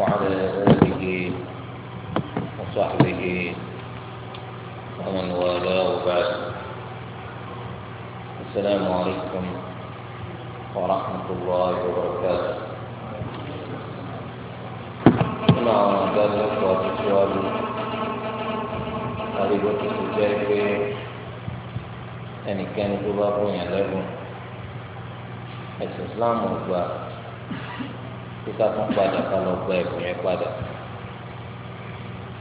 وعلى آله وصحبه ومن والاه بعد السلام عليكم ورحمة الله وبركاته مع ذلك وتسوال أريد تسجيك يعني كان تبابون يا لكم الإسلام kíkà tún padà ká lọ gba ẹ̀bùn yẹn padà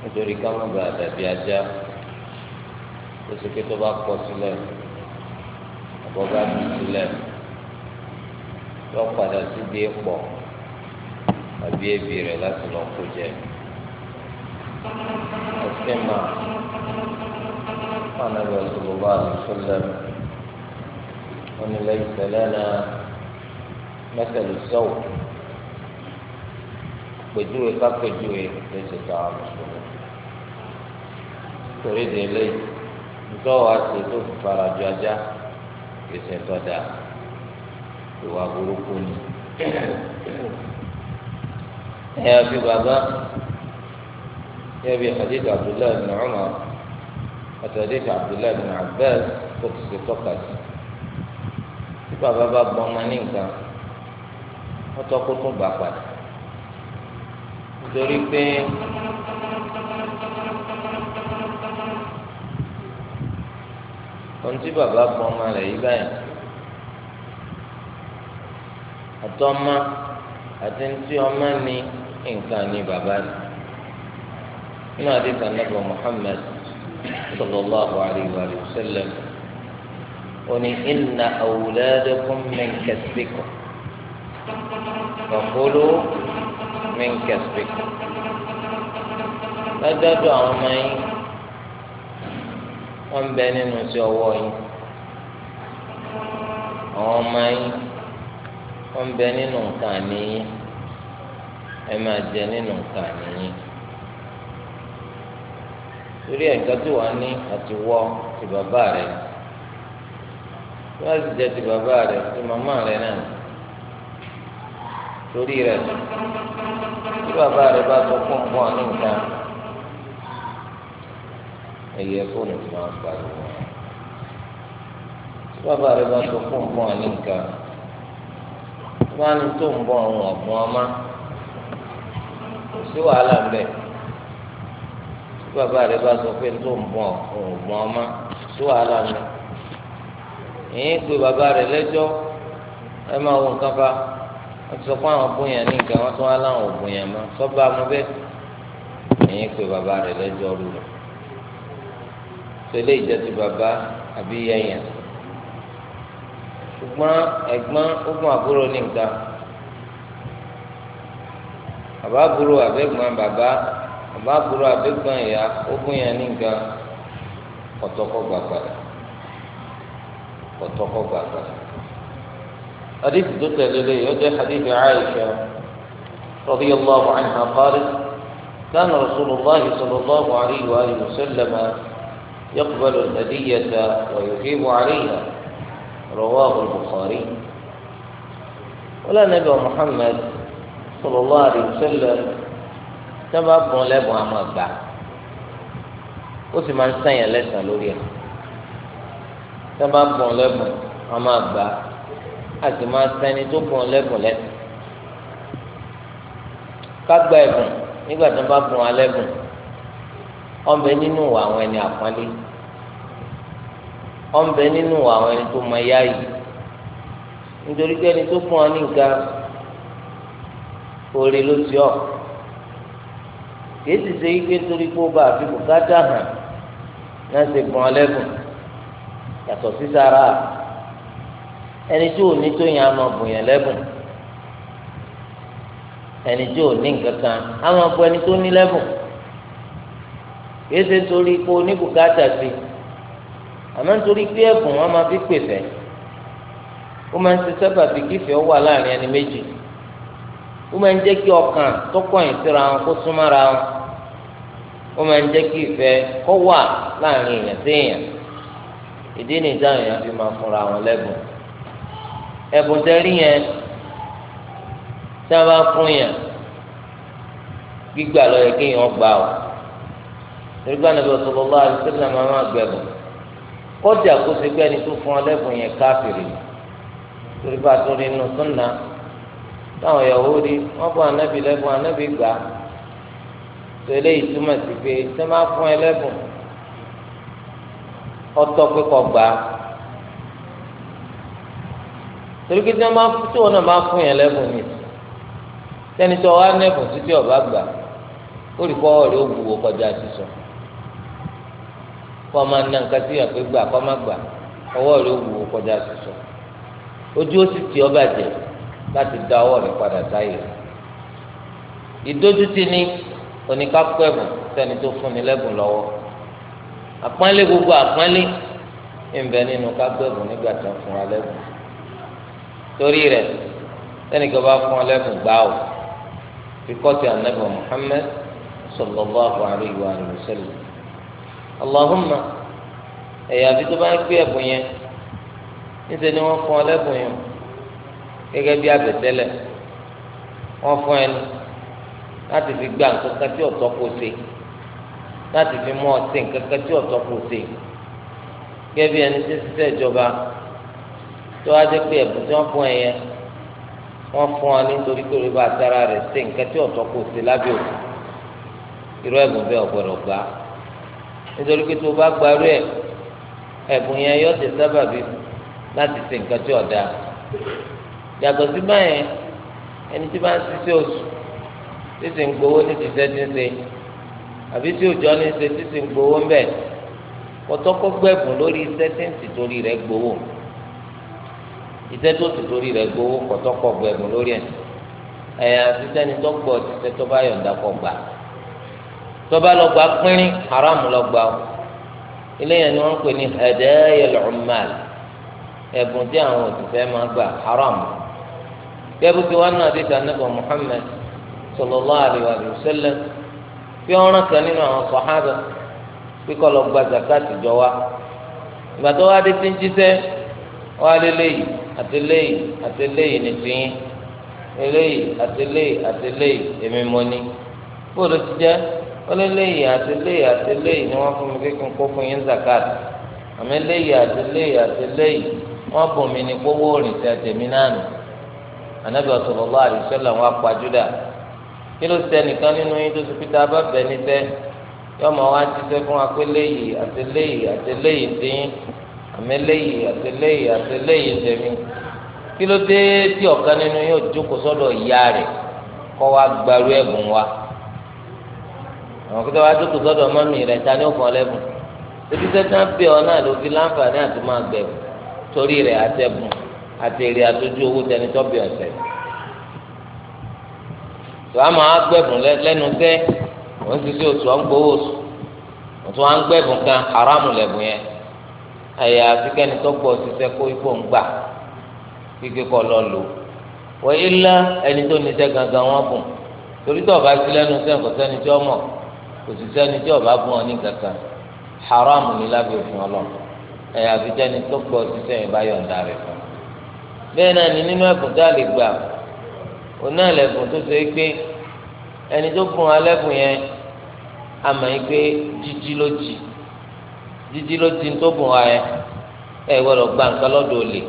nítorí ká mọ̀ bá dàbí ajá tó ṣe pé tó bá kọ sílẹ̀ ọ̀bọ̀ bá bì sílẹ̀ yọ padà síbi ẹ̀pọ̀ àbí ẹbí rẹ̀ láti lọ kó jẹ ẹsẹ̀ máa wọn àgbà sọ̀rọ̀ bá a lè wọn ni lẹ́yìn tẹ̀lé náà mẹ́tẹ̀lú sọ̀rọ̀ àpèjúwe kápèjúwe lè ṣe tó àwọn mùsùlùmí torí de lé ntọ́wọ́ àti tó fi fara ju ajá kì í ṣe tó dáa ìwà burúkú ni ẹ̀yà fi bàbá yẹ́bi hadith abdullahi bin umar àti hadith abdullahi bin abbas tó ti ṣe tọ́ka sí tí bàbá bá gbọ́n ma ní nǹkan wọ́n tọ́ kó gbà padà nítorí pé ohun tí bàbá pọn ọmọ rẹ̀ yí báyìí àtọ́mọ́ àti ntí ọmọ ní nǹkan ní bàbá ni nínú àdéhùn anábọ̀ Muhammad sallallahu alayhi wa sallam oni inna awuladakum min kasbikum min kasbik dájúdájú àwọn ọmọ yín wọ́n ń bẹ nínú sí ọwọ́ yín àwọn ọmọ yín wọ́n ń bẹ nínú nǹkan àníyín ẹ máa jẹ nínú nǹkan àníyín torí ẹ̀ka tí wàá ní àti wọ́ ti bàbá rẹ̀ tí wọ́n sì jẹ́ ti bàbá rẹ̀ ti màmá rẹ̀ náà torí rẹ̀ tí bàbá rẹ̀ bá sọ fún ọgbọ́n àní nǹkan ẹ̀yẹ fóònù tí wọ́n pa lò wọ́n tí bàbá rẹ̀ bá sọ fún ọgbọ́n àní nǹkan wọ́n á ní tó ń bọ̀ ọ̀hún ọ̀gbọ́n ọmọ kò sí wàhálà ń bẹ̀ tí bàbá rẹ̀ bá sọ pé tó ń bọ̀ ọ̀hún ọ̀gbọ́n ọmọ kò sí wàhálà ń bẹ̀ èyí ń bàbá rẹ̀ lẹ́jọ́ ẹ máa wọ nǹkan bá wọ́n ti sọ pé àwọn bóyá ní nǹkan wọ́n tún wá láwọn òbòyàn mọ́ sọ́ba mo bẹ́ẹ̀ ẹ̀yin pé bàbá rẹ̀ lẹ́jọ́ rú rẹ̀ tẹ́lẹ̀ ìjẹ́ ti bàbá àbí yẹ̀yàn ṣùgbọ́n ẹ̀gbọ́n ogun àbúrò ní nǹkan bàbá àbúrò àbẹ́gbọ́n bàbá bàbá àbúrò àbẹ́gbọ́n ìyá ogun yẹn ní nǹkan ọ̀tọ́kọ̀ gbàgbà ọ̀tọ́kọ̀ gbàgbà. حديث ذكر لي وجه حديث عائشة رضي الله عنها قالت كان رسول الله صلى الله عليه وآله وسلم يقبل الهدية ويجيب عليها رواه البخاري ولا نبي محمد صلى الله عليه وسلم كما أبو لابو عمر بعد وسمع السنة لسنة لوريا كما أبو لابو عمر بعد a sì máa sẹni tó kún lẹ́bùn lẹ́sìn ká gba ẹ̀bùn nígbà tó bá fún wa lẹ́bùn ọ̀nbẹ nínú àwọn ẹni àpọ́nlé ọ̀nbẹ nínú àwọn ẹni tó mọ ẹyá yìí nítorí pé ẹni tó fún ọ ní nǹkan oore ló ti ọ kìí sì ṣe ike nítorí pé ó bá àfi bùkátà hàn náà ṣe fún ọ yàtọ̀ sí sára. Si ẹni tí ò ní tó yẹn a bùn yẹn lẹ́bùn ẹni tí ò ní nǹkan kan a máa ẹni tó ní lẹ́bùn kìí torí oníbùkátà sí nítorí pé wọn máa fi pèsè ó máa ń ṣe sábà bí kífẹ̀ẹ́ wà láàrin ẹni méjì ó máa ń jẹ́ kí ọkàn tó kọ̀yìn síra wọn kó súnmọ́ra wọn ó máa ń jẹ́ kí kó wà láàrin èèyàn fi máa ẹ̀bùn tẹ́rí yẹn tí wọ́n bá fún yẹn gbígbà lọ yẹ kéèyàn gbà ó nígbà náà bá sọlọ lọ àti sẹlẹ máa má gbẹbùn kọjá kó ṣe pé ẹni tó fún ọlẹ́bùn yẹn káfìrì torí bá tó rí inú súnà táwọn Yahudi wọ́n bọ́ anábì lẹ́bùn anábì gbà tó eléyìí túmọ̀ sí pé sẹ́ máa fún ẹlẹ́bùn ọtọ́ pé kọ gbà á torí pé tí wọ́n bá tí wọ́n náà bá fún yẹn lẹ́bùn mi sẹ́ni tí wọ́n á nẹ́bùn títí ọ̀bá gbà ó rí kọ́wọ́ rẹ̀ ó wúwo kọjá sísọ kọ́ máa ná nǹkan tí yàtọ̀ gbà kọ́ má gbà ọwọ́ rẹ̀ ó wúwo kọjá sísọ ojú ó sì ti ọ bàjẹ́ láti da ọwọ́ rẹ̀ padà sáyè ìdójútì ni oníkápẹ́ ẹ̀bùn sẹ́ni tó fún ni lẹ́bùn lọ́wọ́ àpọ́nlé gbogbo àpọ́nlé ń bẹ nínú kápẹ́ ẹ̀bùn nígbà tó ń fún wa lẹ́bùn torí rẹ̀ sẹ́nìkan bá fún ọlẹ́bùn gbá o bíkọ́sì anábì Muhammad sallallahu alayhi wa sallam Allahumma ẹ̀yà àfi tó bá ń gbé ẹ̀bùn yẹn níṣẹ́ ni wọ́n fún ọlẹ́bùn yẹn gẹ́gẹ́ bí àbẹ̀tẹ́lẹ̀ wọ́n fún ẹni láti fi gba nǹkan kan tí ọ̀tọ́ kò ṣe láti fi mú ọtí nǹkan kan tí ọ̀tọ́ kò ṣe gẹ́gẹ́ bí ẹni tí ń ṣiṣẹ́ ìjọba tó wá dé pé ẹ̀bùn tí wọ́n fún ẹ yẹn wọ́n fún ọ nítorí pé olùbá àtàrà rẹ̀ ṣe nǹkan tí ọ̀tọ̀ kò ṣe lábẹ́ òkú irú ẹ̀bùn bẹ́ẹ̀ ọ̀gbọ̀dọ̀ gbà á nítorí pé tó o bá gbarú ẹ̀ ẹ̀bùn yẹn yóò ti sábàbí láti ṣe nǹkan tí ọ̀dà yàtọ̀ sí báyẹn ẹni tí máa ń ṣiṣẹ́ oṣù tí sì ń gbowó ní ṣiṣẹ́ tí ń ṣe àbí tí òjò ní ṣe tí sì ń gbowó ń bẹ̀ kọ́tọ́kọ́ gbẹ̀bùn lórí iṣẹ́ torí rẹ̀ gbowó iṣẹ́ tó sì torí rẹ̀ gbowó kọ̀tọ́kọ̀ bu ẹ̀bùn lórí ẹ̀ ẹ̀yà fífẹ́ni tó gbọ́ ṣiṣẹ́ tó bá yọ̀ǹda kọ gbà tó bá lọ gbà pínrín haram lọ gbà o ilé yẹn ni wọ́n ń pè ní hadayal ummal ẹ̀bùn tí àwọn òṣìṣẹ́ máa gbà haram gẹ́gẹ́ bí wọ́n náà dìtà nípa Muhammad sallallahu alaihi wa fi ọ̀ràn kan nínú àwọn sọ̀hábà bí kọ́ lọ gba zakati jọ wa ìgbà tó wá dé ti ń jíṣẹ́ wọ́n á àti léyìí àti léyìí ni tiyín eléyìí àti léyìí àti mo ní bóòlù ti jẹ́ ó lé léyìí ni wọ́n fún mi kékeré kó fún yín zakat àmì léyìí àti léyìí àti bùn mí ní gbówó òrìn tẹ tèmi náà nù anabi sallallahu alaihi wasallam wá pa Júdà kí ló nínú yín tó wa pé àmẹlẹyìí àtẹlẹyìí àtẹlẹyìí tẹmí kí ló dé tí ọ̀kan nínú yóò jókòó sọ́dọ̀ ìyá rẹ̀ kọ́ wa gbaru ẹ̀bùn wa àwọn kí tó jókòó sọ́dọ̀ mọ́mì rẹ̀ ta ni ó fọ́ ọ náà ló fi láǹfààní àti torí rẹ̀ àtẹ̀bùn àtọ́jú owó tẹni tó bẹ̀ ọ̀sẹ̀ tó a máa gbẹ̀bùn lẹ́nu sẹ́ òun ti òtún à ń gbẹ̀bùn kan haramu lẹ́bùn yẹn. ẹ̀yà àfikẹ́ni tó gbọ́ ṣiṣẹ́ kó ipò ń gbà kíkẹ́ kọ́ lọ lò wọ́n yé lá ẹni tó níṣẹ́ gangan wọ́n bùn torí tó ọba sí lẹ́nu sẹ́yìn kò sẹ́ni tí ó mọ̀ kò sì sẹ́ni tí ọba bùn ọ ní kankan haram ní lábẹ́ òfin ọlọ́run ẹ̀yà àfikẹ́ni tó gbọ́ ṣiṣẹ́ yìí bá yọ̀ǹda rẹ̀ fún un bẹ́ẹ̀ náà ni nínú ẹ̀kọ́ tá a lè gbà òun náà tó ṣe é pé ẹni tó bùn alẹ́kùn yẹn àmọ́ yìí pé jíjí ló jì jíjí ló ti tó bùn ayẹ ẹ gbọ́dọ̀ gba nǹkan lọ́dọ̀ olè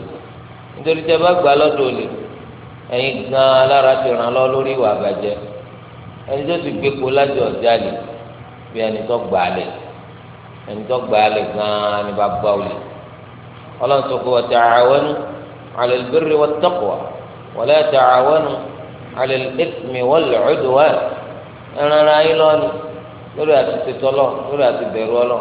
nítorí tẹ bá gbà lọ́dọ̀ olè ẹ̀yin gan alára ti ràn lọ lórí ìwà àbàjẹ́ ẹni tó ti gbépo láti ọjà lè bí ẹni tó gbà á lè ẹni tó gbà á lè gan ni bá gbà olè Ọlọ́run sọ pé wa ta'awanu 'ala al-birri wat-taqwa wa la ta'awanu 'ala al-ithmi wal-'udwan ẹran ara yín lọ́ni lórí àti tètè ọlọ́ lórí àti bẹ̀rù ọlọ́.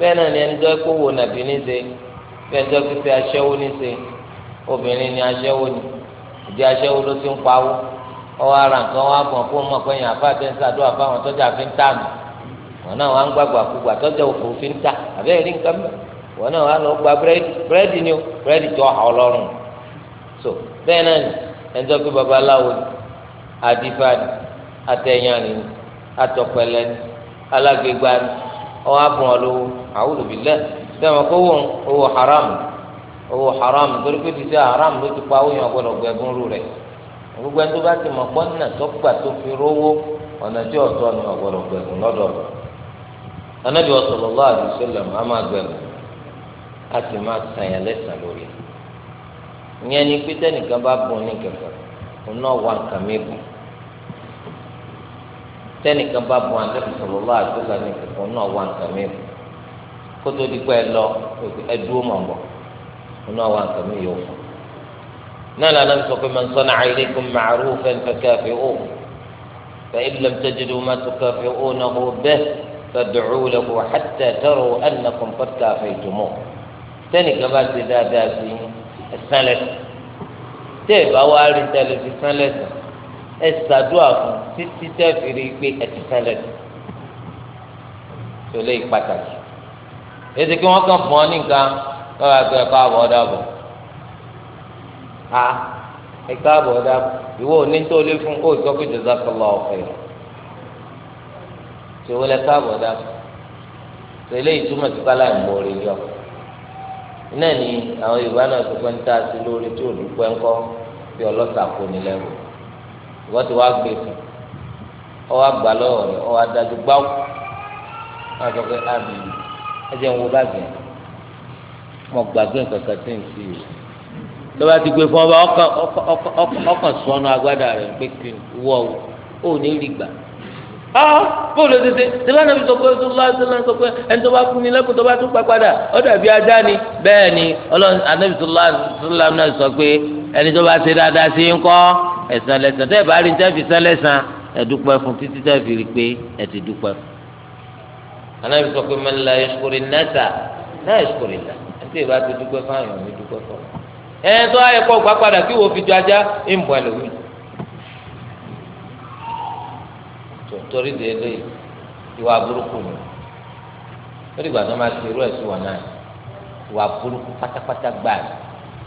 bẹ́ẹ̀ náà ni ẹni tó kó wo nàbí se, bẹ́ẹ̀ tó kí ṣe aṣẹ́wó níṣe obìnrin ni aṣẹ́wó ni ìdí aṣẹ́wó ló ti ń pawó ọwọ́ ara nǹkan wọn àbọ̀ kó mọ̀ pé èèyàn àfa àti ẹ̀ńsà àdúrà fáwọn tọ́jà fi ń tà nù wọn náà wọn gbàgbà kúgbà tọ́jà òfò fi ń tà àbẹ́ẹ̀ rí nǹkan mọ́ wọn náà wọn lọ gba búrẹ́dì ni o búrẹ́dì tó ọlọ́run so bẹ́ẹ̀ náà ni ẹni tó kí babaláwo ni adifa ni atẹ̀yàn ni atọ̀pẹ̀lẹ̀ ni alágbègbà ni ọwọ́ àbọ̀ ọlọ́wọ́ a'udhu billah sẹ́wọ̀n kó wọ́n owó haram owó haram torí pé ti sẹ́ haram ló ti pa awóyan ọgbọ́dọ̀ gbẹ ẹ̀bùn rú rẹ̀ gbogbo ẹni tó bá ti mọ̀ pọ́nà tó gbà tó fi rówó ọ̀nà tí ọ̀tọ̀ ni ọgbọ́dọ̀ gbẹ ẹ̀bùn lọ́dọ̀ rẹ̀ anabi sallallahu alaihi wasallam a máa gbẹ ẹ̀bùn a sì máa sànyà lẹ́sàn lórí ìyẹn ni pé tẹ́nìkan bá bùn ní kẹfẹ́ òun wà nǹkan mi bùn tẹ́nìkan bá bùn anabi sallallahu alaihi wasallam ní kẹfẹ́ òun wà nǹkan mi bùn kótó di pé lọ ẹdúró dúró mọ̀ bọ̀ ọ̀nà wà nǹkan mi yóò fún náà lànà sọ pé man sana'a ilaykum ma'rufan fakafi'uhu fa in lam tajidu ma tukafi'unahu bihi fad'u lahu hatta taru annakum tó mọ̀ tẹ́nìkan bá ti dáadáa sí ẹ̀sán lẹ́sìn tẹ́ ẹ̀ bá wá á rí tẹ́lẹ̀ fi sán lẹ́sìn ẹ̀ ṣàdúrà fún títí tẹ́ fi rí i pé ẹ̀ ti sán lẹ́sìn tó lé pàtàkì. ètò kí wọ́n kàn fún ọ nìkan lọ́wọ́ àti ẹ̀ka àbọ̀ ọ̀dàbọ̀ a ẹ̀ka àbọ̀ ọ̀dàbọ̀ ìwọ ò ní tó lé fún ó sọ pé jazakallahu khairan ṣe wọlé ẹ̀ka àbọ̀ ọ̀dàbọ̀ ṣe eléyìí túmọ̀ sí kálá ìmọ̀ọ́rẹ́ yọ iná ni àwọn Yorùbá náà sọ pé ń tà sí lórí tí òdù pẹ́ ńkọ́ bí ọlọ́sà kò ní ìwọ́n ti wá gbé fún ọ wá lọ́wọ́ rẹ̀ ọ wá gbáwó wọ́n sọ pé àmì ẹjẹ ń wo báàgì yẹn mo gbàgbé nǹkan kan tí ń sí i lọ́ba ti gbé fún ọba ọkàn sọnù agbádá rẹ̀ pé kí n wọ ò ní rí gbà bóòlù tètè tètè ànábi sọ pé sọlá sọlá sọ pé ẹni tó bá fún ni lẹ́kùn tó bá tún pa padà ó dàbí ajá ni bẹ́ẹ̀ ni ọlọ́run ànábi sọlá sọlá náà sọ pé ẹni tó bá ṣe dáadáa sí ń kọ́ ẹ̀san lẹ́san tẹ́ ẹ̀ bá rí tẹ́ fi sán lẹ́san ẹ̀ dúpẹ́ fún títí tẹ́ fi rí pé ẹ̀ ti dúpẹ́ fún. anábì sọ pé man la yashkuri nasa la ẹtí ìbá ti dúpẹ́ fáwọn mi dúpẹ́ fọ́ ẹ tó ayẹ ndị gbà padà kí wo fi ju ajá ń bọ̀ ẹlòmíì torí de ìwà burúkú ni lórí ìgbà tó máa ti irú wọn náà ìwà burúkú pátápátá gbáà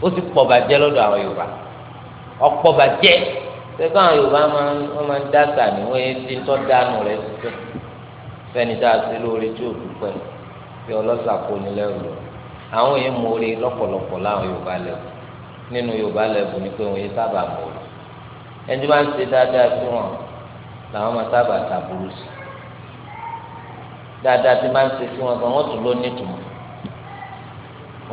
ó sì pọ̀ bàjẹ́ lọ́dọ̀ àwọn Yorùbá ọ̀pọ̀ bàjẹ́ Yorùbá máa ń dá sàmì wọ́n yẹn ti ń tọ́ rẹ̀ sí fẹ́ni tá a ṣe lóore tí ò dúpẹ́ fi ọlọ́sà kó ni lẹ́rù lọ àwọn yẹn mú orí lọ́pọ̀lọpọ̀ láwọn yorùbá lẹ́bù nínú yorùbá lẹ́bù ni pé wọ́n yẹn sábà mú orí ẹni tí wọ́n ń ṣe dáadáa sí wọn làwọn máa sábà tàbúrú sí dáadáa tí wọ́n ń ṣe sí wọn gan wọ́n tún ló nítumọ̀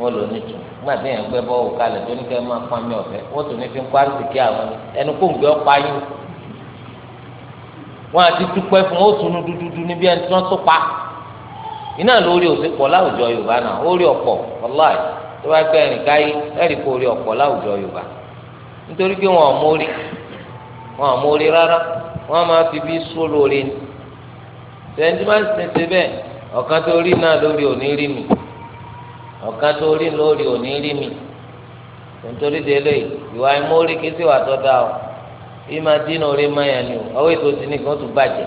wọ́n ló nítumọ̀ nígbà tí èèyàn gbẹ́ bọ́ọ̀wù kalẹ̀ tó ní kẹ́ máa pọ́n mi ọ̀fẹ́ wọ́n tún ní fi ń kó àrùsìkí àwọn ẹnu kó ń gbé ọ wọn àti dúpẹ́ fún ó tunu dúdúdú níbi ẹni tí wọ́n tó pa iná lórí òsè pọ̀ láwùjọ yorùbá náà ó rí ọ̀pọ̀ ọláì tó bá gbẹ ẹnì káyé ẹ̀rí kó rí ọ̀pọ̀ láwùjọ yorùbá nítorí pé wọn ò mórí wọn ò mórí rárá wọn máa fi bí sólò rí ni máa ń sèse bẹ́ẹ̀ ọ̀kan tó rí náà lórí òní rí mi ọ̀kan tó rí lórí òní rí mi nítorí délé ìwà ìmórí kí wà tó dáa yìí máa dín náà orí máyà ni o ọwọ́ ètò ti ní kí wọ́n tún bàjẹ́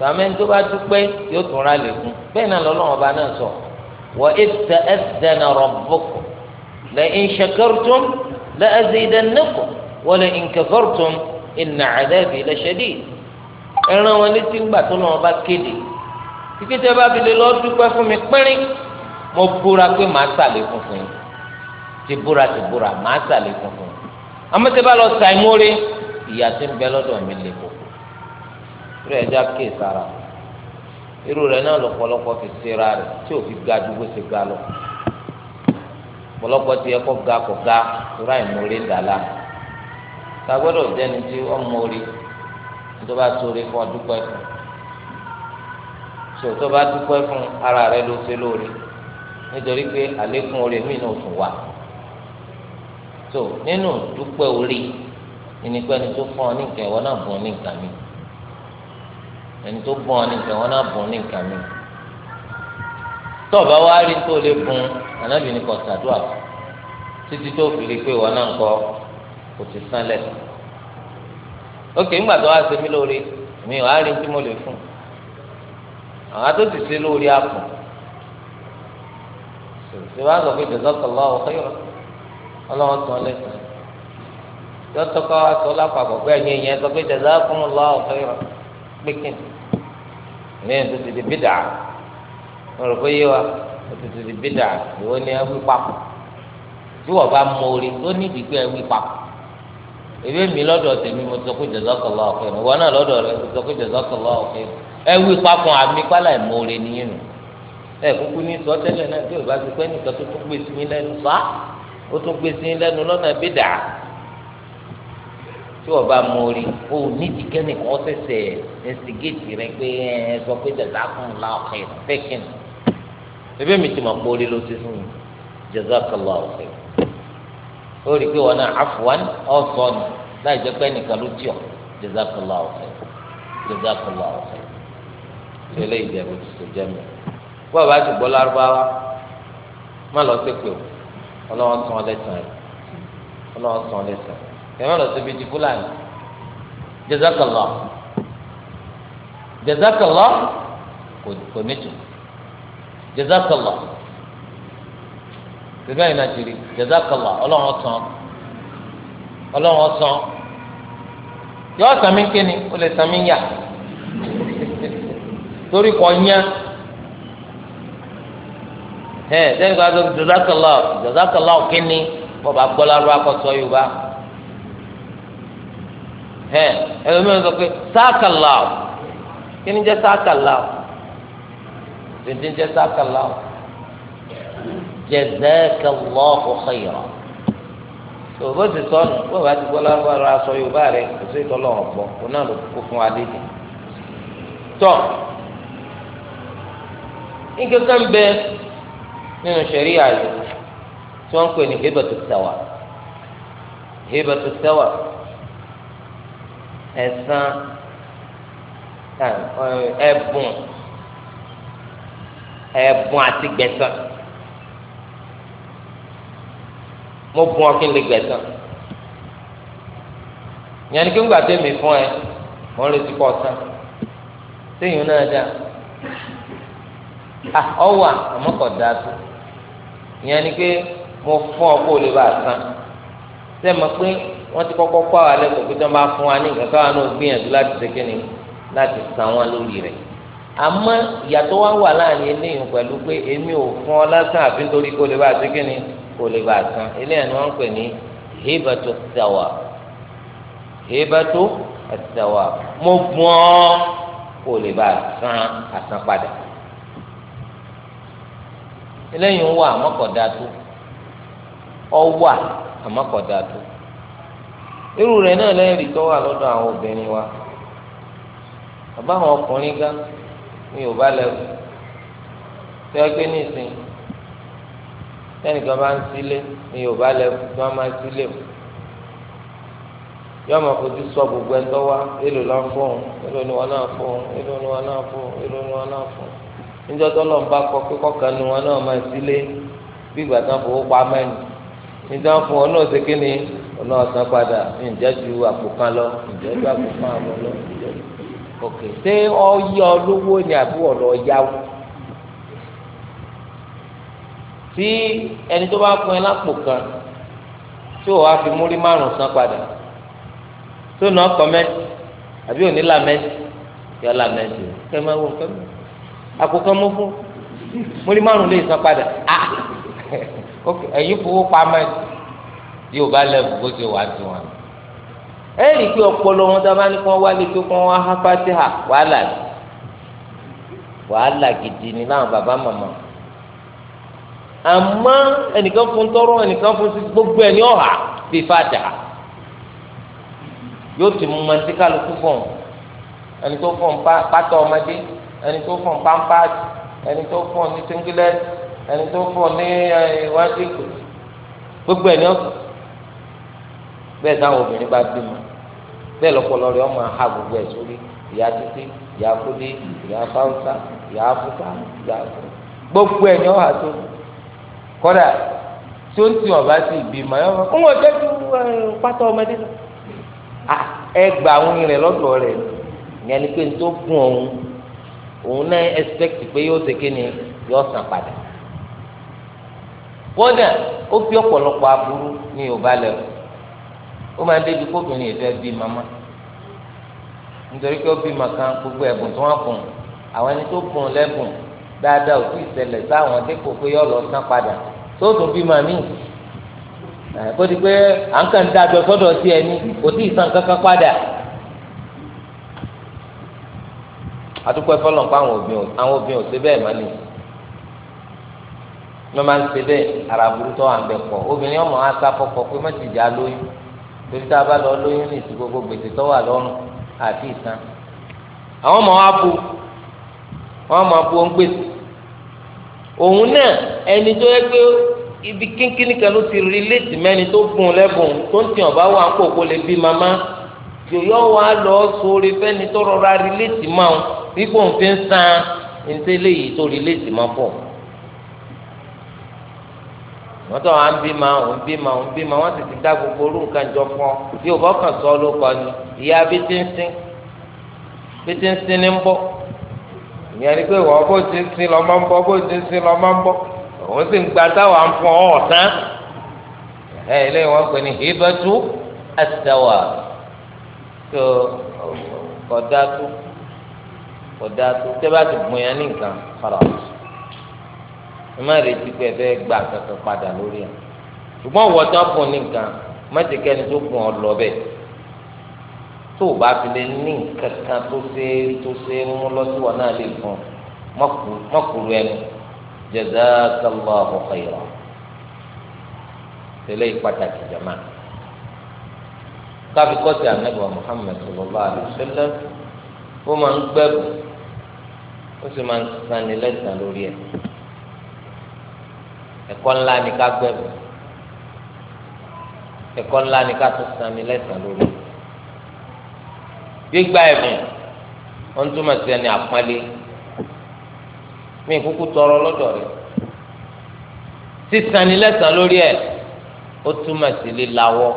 sàmẹ́ni tó bá dúpẹ́ yóò tún ra lẹ́kùn bẹ́ẹ̀ náà lọ́lọ́run ọba náà sọ wọ́n ètò ẹ̀sìdẹ̀nà rabbukum la in shakartum la azidannakum wa la in kafartum inna adhabi la shadid ẹran wọn létí ńgbà tó lọ́wọ́ bá kéde kíkẹ́tẹ́ bá fi lè lọ dúpẹ́ fún mi pínrín mo búra pé màá sàlékún fún yín ti búra ti búra màá sàlékún fún yín àmọ́ tẹ́ bá lọ sàìmórè ìyá tí ń bẹ lọ́dọ̀ mi lè kó irú ẹja kéè sára irú rẹ̀ náà lọ́pọ̀lọpọ̀ fi ṣera rẹ̀ tí ò fi ga ju bó ṣe ga lọ pọ̀lọpọ̀ ti ẹkọ ga kọ ga tóra ìmúre dàlá ta gbọ́dọ̀ jẹni tí wọn mórí tó bá sórí fún ọdúpẹ́ fún so tó bá dúpẹ́ fún ara rẹ̀ ló ṣe lóore nítorí pé àlékún oore mi náà tún wà so nínú dúpẹ́ orí. ìníkú ẹni tó fún ọ ní nǹkan ìwọ náà bùn ọ ní nǹkan mi ẹni tó ọ ní nǹkan ìwọ náà bùn ọ ní nǹkan mi tọ́ọ̀bá wá rí tó lè bùn ànábì ní kò sàdúà títí tó fi pé náà kọ kò ti ókè mi ò á rí tí mo lè fún àwọn yọtọ ká wá sọ lápapọ̀ pé ẹ̀yin ìyẹn sọ pé jazakumullahu khairan pékin ìyẹn tó ti di bídà mo rò pé yé wa ó ti ti di bídà ìwọ ni ẹ wí papọ̀ tí wọ́n bá mọ orí ó ní ìdí pé ẹ wí papọ̀ ebi mi lọ́dọ̀ tèmi mo sọ pé jazakallahu khairan ìwọ náà lọ́dọ̀ rẹ mo sọ pé jazakallahu khairan ẹ wí papọ̀ àmì pálá ẹ̀ mọ orí nìyẹn nù ẹ kúkú ní sọ tẹ́lẹ̀ náà bí o bá ti pẹ́ nìkan tó tún gbèsè ní fa ó tún gbèsè ní lọ́nà bídà tí wọn bá mọ orí o nídìí kẹ́ni kọ́ sẹ̀sẹ̀ ẹ̀sìgẹ́tì rẹ pé ẹ sọ pé jazakumullah khair fẹ́kìn ebe mi ti mọ̀ pé orí ló ti fún mi jazakallahu o rí pé wọn náà afwan ọ̀sọ̀ ni láì jẹ́ pé ẹnìkan ló tì ọ́ jazakallahu khair jazakallahu khair ṣẹlẹ̀ ìjẹ̀bù ti ṣe jẹ́ mi bọ́ọ̀ bá ti gbọ́ lárúbáwá má lọ sí pé o ọlọ́wọ́ sàn ọ́ lẹ́sàn-án ọlọ́wọ́ sàn ọ́ lẹ́sàn-án kẹmẹ lọ síbi ti fúlàní jazakallah jazakallah kò nítu jazakallah síbẹ̀ yìí náà ti rí jazakallah ọlọ́run ọ̀sán ọlọ́run ọ̀sán yọ ọ̀sán mi kéne ó lè sàn mí yà torí kọ nyá ẹ sẹ́yìn kan sọ jazakallah jazakallah kínní bọ́ba gbọ́lá lọ́wọ́ akọ́sọ yorùbá hẹn ẹlòmíràn sọ pé sáàkàlà o kí ni jẹ́ sáàkàlà o dídín jẹ́ sáàkàlà o jazakallahu khayran òbó ti sọnù bó bá ti gbọ́ lágbára aṣọ yorùbá rẹ kò sí ìtọ́lọ̀ ọ̀pọ̀ òun náà ló kó fún wa lédè tọ́ nkankan bẹ nínú ṣẹ̀ríà yìí tí wọ́n ń pè ní hibatu sawa hibatu sawa ẹ̀san ẹ̀bùn ẹ̀bùn àti gbẹ̀san mo bùn ọ kí n lè gbẹ̀san yẹn ni kí n gbà tẹ̀mí fún ẹ mo ń retí pọ̀ sàn téèyàn náà dá ọwà àmọ́kọ̀dá tó yẹn ni pé mo fún ọ kó o lè bá a san sẹ́mi pé wọ́n ti kọ́kọ́ kọ́ àwọn alẹ́ kò pé tí wọ́n bá fún wa ní nǹkan káwọn náà gbìyànjú láti ṣe kí ni láti san wọn lórí rẹ̀ àmọ́ ìyàtọ̀ wa wà láàrin eléyìí pẹ̀lú pé èmi ò fún ọ lásán àfi nítorí kó lè bá ṣe kí ni kó lè bá san eléyìí ni wọ́n ń pè ní hibatu tawa hibatu tawa mo bùn ọ́ lè bá san àsan padà eléyìí wà àmọ́kọ̀dá tó ọ wà àmọ́kọ̀dá tó. irú rẹ̀ náà lẹ́rìí tó wà lọ́dọ̀ àwọn obìnrin wa bàbá àwọn ọkùnrin gan ní lẹ́wọ̀ tí wọ́n gbé ní ìsìn tẹ́nìkan bá ń sílé lẹ́wọ̀ tí wọ́n máa ń sílé o fojú sọ gbogbo ẹ tọ́ wa èlò fún èlò ni wọn náà fún un èlò ni wọn náà fún èlò ni wọn náà fún tó bá kọ pé ni wọn náà máa sílé bí ìgbà tán fowó pa mẹ́rin fún ọlọ́wọ́ san padà ǹjẹ́ ju àpò kan lọ ǹjẹ́ ju àpò kan lọ lọ ok ṣé ọyọ lówó ni àbí ọ̀lọ́ yáwó tí ẹni tó bá fún ẹ lápò kan tí ò wá fi múrí márùn san padà tó nà ọkọ mẹ́tì àbí òní làmẹ́tì yọ làmẹ́tì kẹ́ máa wọ kẹ́mi àpò kan mú fún múrí márùn lè san padà ah ok ẹ̀yin fowó pamẹ́ ni yóò bá lẹ́bù bó ṣe wà tí wọn. ẹ rí i pé ọpọlọ wọn tá a bá ní kí wọn wá lè tó kí wọn wá há fatiha wàhálà ni wàhálà gidi ni láwọn bàbá màmá àmọ́ ẹnìkan fún tọrọ ẹnìkan fún sí gbogbo ẹni ọhà bíi fatiha yóò ti mú mọtí kálukú fún ẹni tó fún pátá ọmọdé ẹni tó fún pampasi ẹni tó fún ní singlet ẹni tó fún ní iwájú gbogbo ẹni ọsàn bẹ́ẹ̀ táwọn obìnrin bá bímọ bẹ́ẹ̀ lọ́pọlọ rẹ̀ ọmọ aha gbogbo ẹ̀ sórí ìyá títí ìyá kúndé ìyá fáwùsà ìyá afúta ìyá afú gbogbo ẹ̀ ni ọ̀ hà tó kọ́dà tí ó ń tì ọ̀bá sí ìbímọ ẹ̀ ọmọ ń wọ́n jẹ́ ju pátá ọmọdé lọ ẹ gba àwọn rẹ̀ lọ́dọ̀ rẹ̀ ìyẹn ni pé n tó gùn òun òun náà expect pé yóò ṣe kí ni yóò san padà kọ́dà ó fi ọ̀pọ̀lọpọ̀ aburú ní Yorùbá lẹ́wọ̀n ó máa débi kóbìnrin ìfẹ́ bí mama nítorí pé ó bí màkà gbogbo ẹ̀bùn tó wọ́n bùn àwọn ẹni tó bùn lẹ́bùn dáadáa ò tí ì ṣẹlẹ̀ sáwọn dépò pé yọ lọ sán padà tó tún bí màmí kó di pé à ń kàn sọ́dọ̀ sí ẹni kò tí ì kankan padà. àdúgbò pa àwọn ò ṣe máa ń ṣe ara torí tá a bá lọ lóyún ní ìsìn gbogbo gbèsè tó wà lọ́rùn àti ìsan àwọn ọmọ wa bu wọn máa bu òun gbèsè òun náà ẹni tó yẹ pé ibi kínkínní kan ló ti relate mẹ́ni tó bùn lẹ́bùn tó ń tì ọ̀bá wà ń kókó lè bí màmá yòyọ́ wa lọ sórí fẹ́ni tó rọra relate mọ́ ọ bí kò ń fi ń san ẹni tó léyìí tó relate mọ́ fún ọ wọ́n tọ́ wọn bí ma òun bí ma òun bí ma wọ́n sì ti dá gbogbo orú nǹkan jọ fún ọ yóò bọ́ kàn sọ ló kọ ni ìyá bí ti ń sin bí ń sin ìyẹn ni pé wọ́n bó ti ń sin lọ́ máa ń bọ́ bó ti ń sin lọ́ máa ń bọ́ òun sì ń gba táwa ń fún ọ ọ̀tán ẹ̀ ilé wọn pè ní hibatu àtàwà tó kọ̀dá tó kọ̀dá tó tẹ́ bá ti gbìyànjú nǹkan kọ́ra ọ̀tún ẹ má retí pé ẹ fẹ́ gbà kankan padà lórí ẹ̀ ṣùgbọ́n wọ́n tán fún ní nǹkan mọ́tìkẹ́ni tó gùn ọ lọ bẹ́ẹ̀ tó o bá fi lè ní nǹkan kan tó ṣe é tó ṣe é mú lọ́síwọ̀n náà lè fún mọ́kùrú ẹnu jazakallahu khairan tẹ́lẹ̀ ìpàtàkì jama káfí kọ́sì ànábì wa Muhammad sallallahu ó máa ń gbẹ́bù ó sì máa ń sanni lẹ́sàn lórí ẹ̀ ẹ̀kọ́ ńlá ni ká gbẹ̀bù ẹ̀kọ́ ńlá ni ká tó sami lẹ́sàn-án lórí gbígbà ẹ̀bùn ó ń túmọ̀ sí ẹni àpọ́nlé mi kúkú tọrọ lọ́dọ̀ rẹ̀ sísani lẹ́sàn-án lórí ẹ̀ ó túmọ̀ sí lílawọ́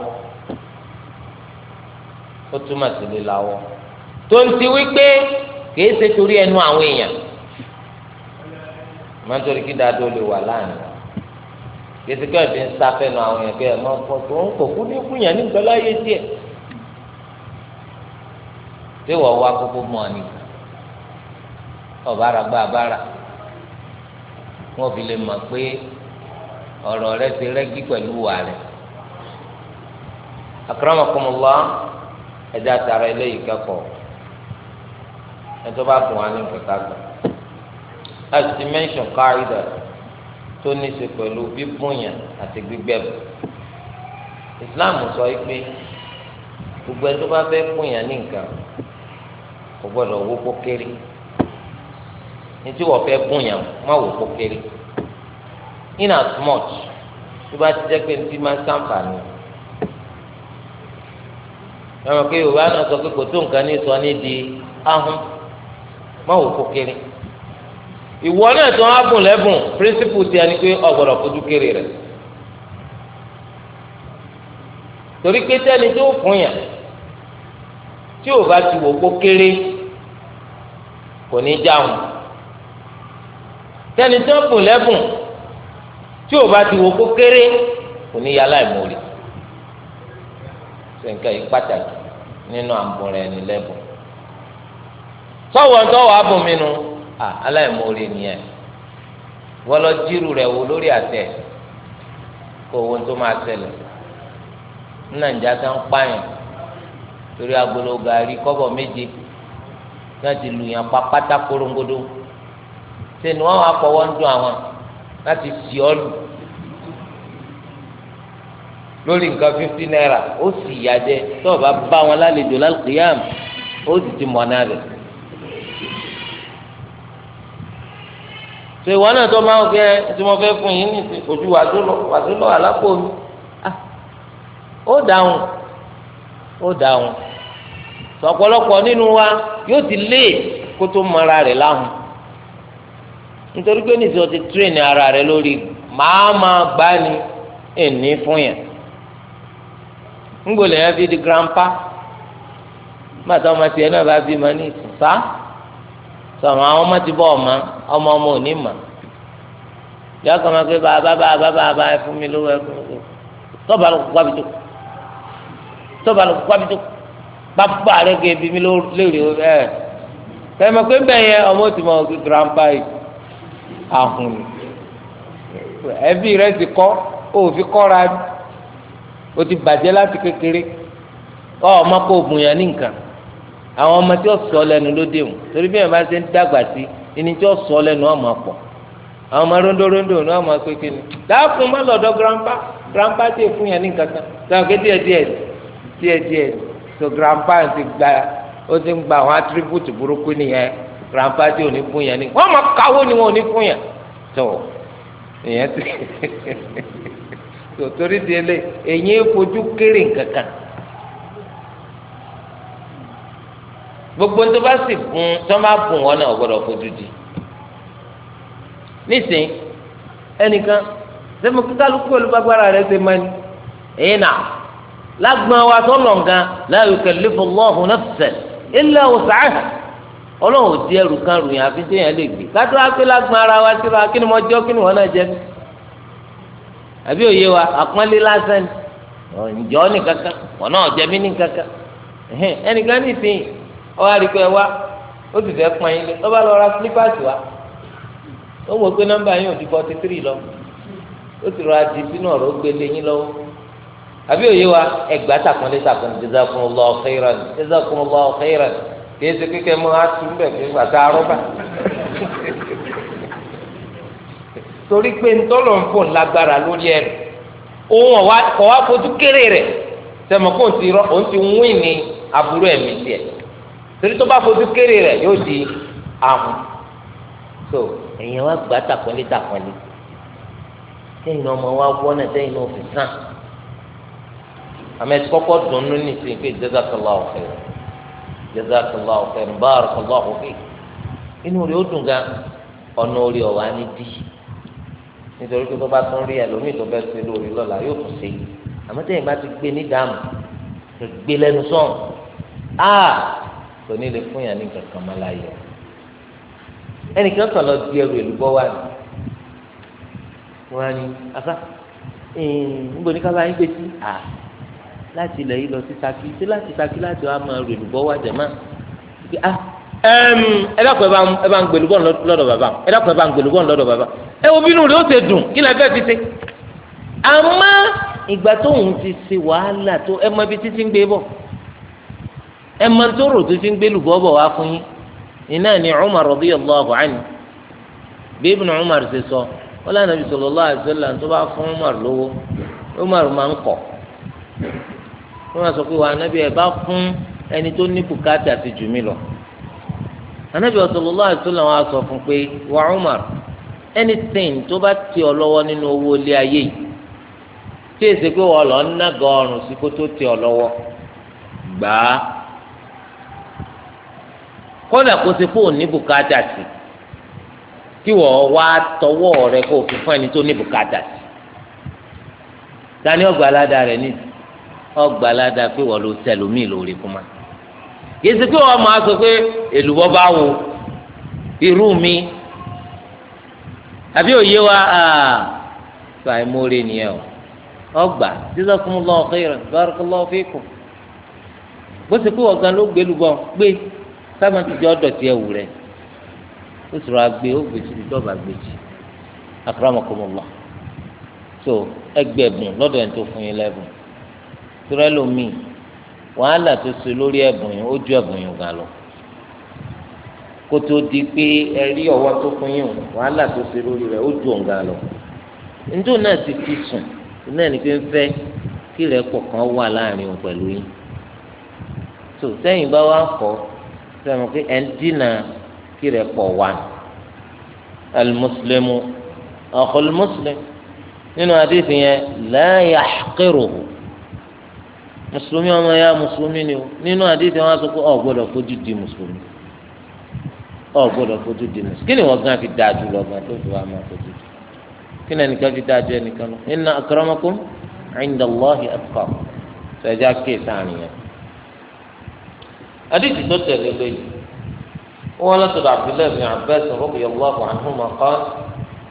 ó túmọ̀ sí lílawọ́ tó ń ti wípé kìí ṣe torí ẹnu àwọn èèyàn mọ́tò kí dáadọ́ lè wà láàrin wa gbèsèké ẹbí ń sáfẹ́ nu àwọn yẹn kí ẹ máa fọ tó ń kò kú ní kú yẹn ní ìgbẹ́lá yé díẹ̀ tí wọ́n wá kókó mọ́ ni ọ̀bára gba àbára wọ́n fi lè mọ̀ pé ọ̀rọ̀ rẹ ti rẹ́gí pẹ̀lú wà rẹ̀ akramakumullah ẹ̀dá tara eléyìí kẹ́kọ̀ọ́ ẹ̀tọ́ fún wa ní nǹkan gbà láti ti mẹ́ńsọ̀n káyidà rẹ̀ tó ní í ṣe pẹ̀lú bíbùnyàn àti gbígbẹ̀bù islam sọ pé gbogbo ẹni tó bá fẹ́ bùnyàn ní nǹkan kò gbọ́dọ̀ wó kó kéré ní tí wọ́n fẹ́ bùnyàn má wò kó kéré in as much tó bá ti jẹ́ pé ní ti máa sàǹfààní ẹ̀rọ pé yorùbá náà sọ pé kò tó nǹkan ní sọ ní di ahun má wò kó ìwọ náà tó wá bùn lẹ́bùn pírísìpù tiẹ̀ ni pé ọ̀gbọ̀dọ̀ fojú kéré rẹ̀ torí pé tẹ́ni tó fún yàn tí ò bá ti wò kó kéré kò ní jáwọn tẹ́ni tó bùn lẹ́bùn tí ò bá ti wò kó kéré kò ní yálà ìmọ̀ọ́lẹ̀ sẹ́ńkẹ́ yìí pàtàkì nínú àbùrẹ̀ ẹni lẹ́bùn sọ̀wọ́n tó wàá bùn mi nù à aláìmoore nìyẹn wọ́n lọ jírù rẹ̀ wò lórí àtẹ kó owó tó máa ṣẹlẹ̀ ní nàìjíríà tó ń pààyàn torí agolo gàrí kọ́bọ̀ méje náà ti lù yàn pa pátá korongodo sẹ́ni wọ́n wá fọwọ́ ń dún àwọn láti sì ọ́ lù lórí nǹkan fifty naira ó sì yá jẹ tó o bá bá wọn lálejò lálùkìyàm ó sì ti mọ̀ náà rẹ̀. so ìwọ náà tó máa ń kẹ tí mo fẹ́ fún yín ní ojú wàásù lọ àlápò mi ah. ó dáhùn ó dáhùn sọ̀pọ̀lọpọ̀ nínú wa yóò ti lé kó tó mọra rẹ̀ láhùn nítorí ara rẹ̀ lórí màá máa gbá ni èní fún yẹn ńgbòlè yẹn fi di grandpa bàtà ọmọ tiẹ̀ náà bá bí ma ní ìsìn sá sọmọ àwọn ọmọ ti bọ ọmọ ọmọ òní mà yọ kàn máa pé bàbá bàbá bàbá ẹ fún mi lówó ẹ fún mi lówó tọ́ba ló kó kwábi tó tọ́ba ló kó kwábi tó bàbá rẹ gé ebi mi lórí ẹ tẹmọ pé bẹ́ẹ̀ yẹ ọmọ tí mo kí grandpa yìí ahùn ni ẹbí rẹ ti kọ́ òfin kọ́ra o ti bàjẹ́ láti kékeré ọmọ kò bùn yàn ní nǹkan àwọn ọmọ tí ó sọ lẹ́nu ló dé wọn torí bí wọn bá ṣe ń dàgbà sí i. ẹni tí ó sọ lẹ́nu ọmọ pọ̀ àwọn ọmọ rondorondo ní ọmọ pépé ni dáàfún má lọ́dọ̀ grandpa grandpa ti fún yẹn ní nǹkan gba ó ti ń gba àwọn burúkú nìyẹn grandpa fún ni wọn òní fún yẹn tó ìyẹn ti kéré gbogbo tó bá sì gun tó má gun wọn náà gbọ́dọ̀ fojú di nísìnyí ẹnìkan sẹmu kíkálukú olùbágbára rẹ ṣe máa ní èyí nà lágbọn wa tó lọǹgàn la yukallifu Allahu nafsan illa wus'aha Ọlọ́run ẹrù kan ròyìn àfi tí èèyàn lè gbé kátó ara wa síra kí ni ọ wá rí pé wá ó sì fẹ́ pọn yín lé lọ ra slippers wa ó mọ̀ pé nọmba yín ò di forty three lọ ó sì rọra di sínú ó gbélé yín àbí òye wa ẹgbàá tàkùnlé tàkùnlé jazakumullahu khairan jazakumullahu khairan kìí ṣe kíkẹ́ mọ́ torí pé ntọ́lọ̀ ń lágbára lórí ẹ̀ òun ọ̀wá fojú kéré rẹ̀ ti òun ti ní aburú ẹ̀mí tiẹ̀ torí tó bá fojú kéré rẹ̀ yóò di ahùn so èèyàn wá gbà tàpọ́nlé tàpọ́nlé sẹ́yìn ọmọ wa wọ́n náà sẹ́yìn náà fi sàn àmọ́ ẹ̀sìn kọ́kọ́ dùnú ní ìsìn pé jazakallahu khairan jazakallahu khairan barakallahu fik inú rẹ̀ ó dùn gan ọ̀nà orí ọ̀wá ní dí nítorí pé tó bá tún rí ẹlòmíì tó bẹ́ẹ̀ ṣe lórí lọ́la yóò tún ṣe àmọ́ sẹ́yìn bá ti gbé ní dààmú gbé lẹ́nu sọ́ọ̀n kò ní lè fún yàn ní kankan mọ́ láyé ẹnìkan kàn lọ di ẹrù èlùbọ́ wa ni wọn á ní afa níbo ní ká bá yín gbé sí à láti ilẹ̀ yìí lọ sí Ṣakí sí láti Ṣakí láti wàá máa rò èlùbọ́ wa jẹ̀ mọ́ ẹ dákun ẹ bá ń gbèlú bọ́ọ̀lù lọ́dọ̀ bàbá ẹ dákun ẹ bá ń gbèlú bọ́ọ̀lù lọ́dọ̀ bàbá ẹ wo bínú rẹ ó ṣe dùn kí lẹ fẹ́ fi ṣe àmọ́ ìgbà tóun ti ṣe wàhálà tó ẹ mọ ibi títí ń gbé bọ̀ ẹ mọ tó rò tó fi ń gbélu bọ́ bọ̀ wá fún yín iná ni Umar radiyallahu anhu bí Ibn Umar ṣe sọ wọn lànà bí sallallahu alaihi wasallam tó bá fún Umar lówó Umar máa ń kọ̀ wọn sọ pé wà ànábì ẹ bá fún ẹni tó ní bùkátà ti lọ ànábì na alaihi wasallam wọn sọ fún pé wà Umar tó bá ti ọ lọ́wọ́ nínú owó ilé ayé yìí tí èsì ọ gbàá. kọ́dà kó ṣe fóònù ní bùkátà sí kí wọ́n wá tọwọ́ rẹ kó o fi fún ẹni tó ní bùkátà sí tani ọgbà rẹ ní ọgbà pé wọ́n ló tẹlómi lórí kúmá yìí ṣe wọ́n máa sọ pé èlùbọ́ wa o ọgbà jazakumullahu khairan barakallahu fikum bó ṣe pé wọ́n ló sábà ti jẹ ọdọ tí ẹ wù rẹ ó sọ̀rọ̀ agbe ó gbèsè ti dọba gbèsè akramakumullah so ẹgbẹbùn lọ́dọ̀ ẹni tó fún yín lẹ́bùn tóra lómi wàhálà tó so lórí ẹbùn yín ó ju ẹbùn yín gan lọ kó tó di pé ẹ rí ọwọ́ tó fún yín wàhálà tó so lórí rẹ ó ju òǹgà lọ nítorí náà ti fi sùn náà ní pé ń fẹ́ kí rẹ pọ̀ kan wà láàrin òun pẹ̀lú yín so sẹ́yìn bá wà kọ́ sẹ́wọ̀n pé ẹ̀ ń dínà kí rẹ̀ pọ̀ wá alimuslimu ọ̀kọ̀lùmùsùlùm nínú àdéhùn yẹn láàyè àkérò mùsùlùmí ọmọ ya mùsùlùmí ni o nínú àdéhùn yẹn wọ́n sọ pé ọ̀ gbọ́dọ̀ fojú di mùsùlùmí ọ̀ gbọ́dọ̀ fojú di mùsùlùmí kí ni wọ́n gan fi da jù lọ gan tó fi wá má fojú di kí ni ẹnìkan fi da jù ẹnìkan lọ inna akramakum ẹnìdàlọ́hìn ẹ̀kọ́ sọ ẹ jẹ́ àkéésàn yẹn. حديث تدر إليه ولقد عبد الله بن عباس رضي الله عنهما قال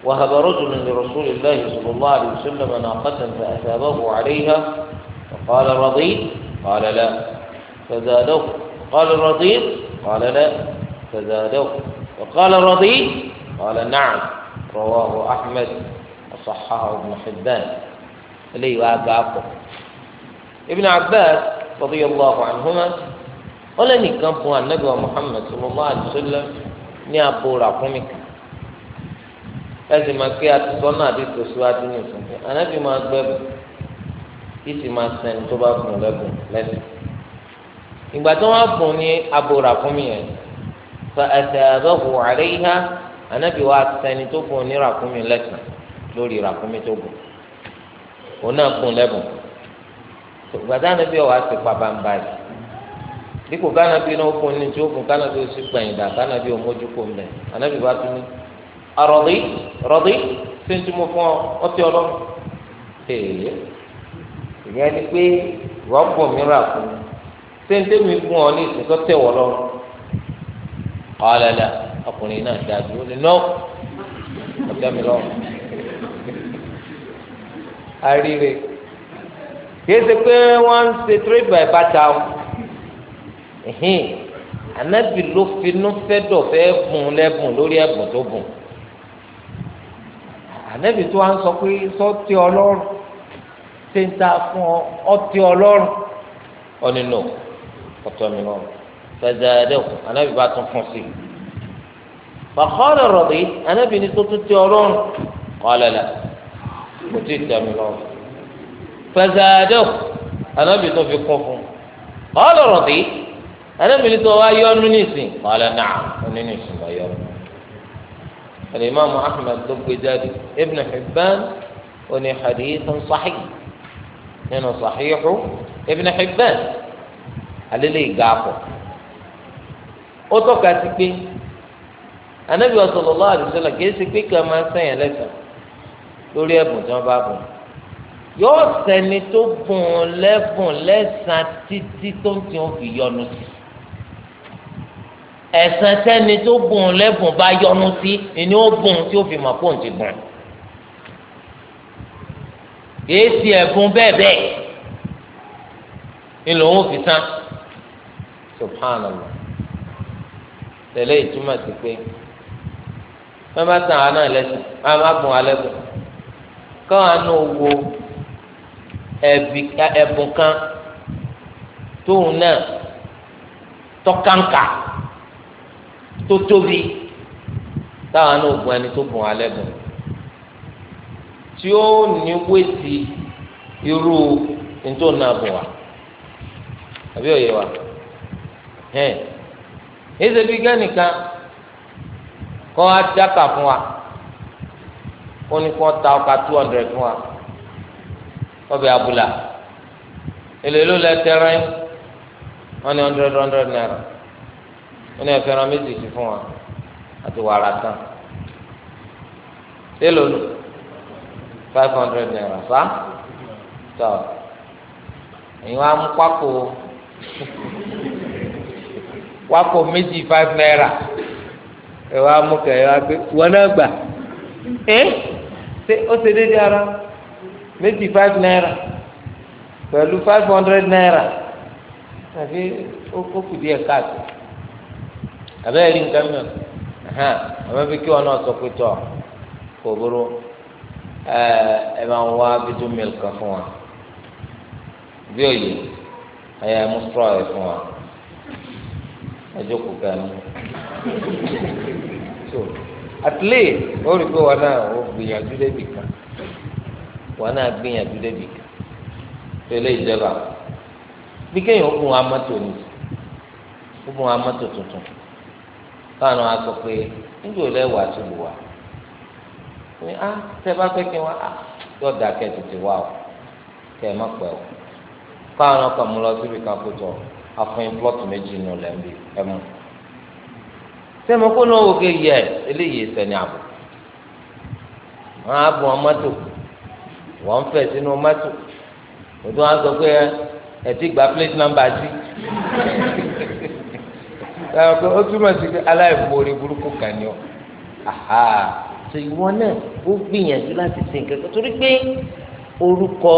وهب رجل لرسول الله صلى الله عليه وسلم ناقة فأثابه عليها فقال رضيت قال لا فزاده قال رضيت قال لا فزاده وقال رضيت قال نعم رواه أحمد وصححه ابن حبان إليه وأبعقه ابن عباس رضي الله عنهما ó lé nìkan fún anabi wa muhammed sallallahu alaihi wasallam ní abo ràkúnmí kan ẹsì máa pé àtisọ́nà àti tòṣíwájú ní ìsìnkú anabi máa gbẹ́bù kí sì máa sẹ́ni tó bá fún lẹ́bùn lẹ́sìn ìgbà tó wọ́n fún ní abo ràkúnmí yẹn fa ẹsẹ̀ àbẹ̀wò àríyá anabi wa sẹ́ni tó fún ní ràkúnmí lẹ́sìn lórí ràkúnmí tó gùn òun náà fún lẹ́bùn gbàdá anabi wa ti pa bámbáyìí. dípò kánábì náà fún ní tí ó fún kánábì ó sì gbẹ̀yìn dà kánábì ó mójú kó mbẹ̀ ànábì bá tún ní. àròdì rọ̀dì ṣé ń tí mo fún ọ ọtí ọlọ́ èèyàn ìyẹn ni pé rọ́pò mìíràn fún mi ṣé ń tẹ́mi fún ọ ní ìsìnkọ́ tẹ̀wọ̀ lọ́rùn. ọ̀lẹ́lẹ̀ ọkùnrin náà dájú ó lè ọjọ́ mi ṣe pé wọ́n ń ṣe trade by barter ẹ̀hìn anabi ló finú fẹ́ dọ̀fẹ́ bùn lẹ́bùn lórí ẹ̀bùn tó bùn anabi tó wá ń sọ pé sọ́tì ọlọ́run ṣe ń ta fún ọ ọtí ọlọ́run ọ̀nì nù ọ̀tọ̀ mi lọ́rùn fẹ̀dẹ̀ ẹ̀dẹ́kùn anabi bá tún fún sí i fàkọ́ọ̀lù rọ̀bì anabi ní tó tún ti ọlọ́run kọ́lẹ̀lẹ̀ kò tí ì tẹ̀ mi lọ́rùn fẹ̀dẹ̀ ẹ̀dẹ́kùn anabi tó fi kún fún kọ́ọ̀lù arábìnrin tó wá yọnu nìsín wàhálà náà oní nìsín lọ yọnu alimami ahmed ló gbé jáde ibn hibban oní hadithun sahih nínú sahihu ibn hibban alẹ́lẹ́ ìgaapọ̀ ó tọ́ka sí pé anabi sallallahu alaihi wasallam kìí ṣe pé kàmá sẹ́yìn lẹ́sàn lórí ẹ̀bùn tí wọ́n bá bùn yóò sẹ́ni tó bùn lẹ́bùn lẹ́sàn títí tó ń tiẹ̀ fi yọnu sí i ẹ̀san tẹ́ni tó bùn lẹ́bùn bá yọnu sí ni ó bùn tí ó fi mọ̀ pé òun ti bùn kìí ṣe ẹ̀bùn bẹ́ẹ̀ bẹ́ẹ̀ ni lòun ò fi tán subhanallah tẹ̀lé ìtumọ̀ sí pé wọ́n bá tàn án náà lẹ́sìn wọ́n bá bùn alẹ́ bùn káwọn àna owó ẹ̀bùn kan tóun náà tọ́kàǹkà. tó tóbi táwọn náà gun ẹni tó bùn alẹ́ bùn tí ó ní wéètì irú nítorí náà bùn wa àbí òye wa hẹ́n ẹsẹ̀ bíi gánìkan kọ́ adáka fún wa ó ní ta two hundred fún wa abúlà èlò èlò naira wọn ní ẹfẹran méjì sí fún wa àti wàrà tán èlò nù five hundred naira fa tọ èyí wọn á mú pákó pákó méjì five naira ẹ wá mú kẹ ẹ wá gbé wọn náà gbà ẹ ṣe ó ṣe déédéé ara méjì five naira pẹ̀lú five hundred naira àfi ó kó kù káàtó. abẹ́rẹ́ rí nǹkan mìíràn hàn àmọ́ bí kí wọn náà sọ pé tọ́ kò burú ẹ máa wá bídú milk fún wa bí òye straw fún wa ká so at ó rí pé wọn náà ó gbìyànjú débi kan wọn náà gbìyànjú débi kan tẹ́lẹ̀ bí kéèyàn ó táwọn á sọ pé tó lù ní tẹ bá pé kí wọn yọ o kẹ ẹ má pẹ o káwọn ọkọ mú lọ síbi kan kó tọ afọyín plọtù méjì nù lẹ́ńbí ẹ mú sẹ́mi kó náà wò ké yẹ eléyìí sẹ́ni àbò wọn á bọ̀ mọ́tò wọn fẹ̀ sínú mọ́tò òtún á sọ pé ẹ ti gba plate number sí. ó túmọ̀ sí aláìmoore burúkú kan ni ọ aha tó ìwọ náà ó gbìyànjú láti sin kankan torí pé orúkọ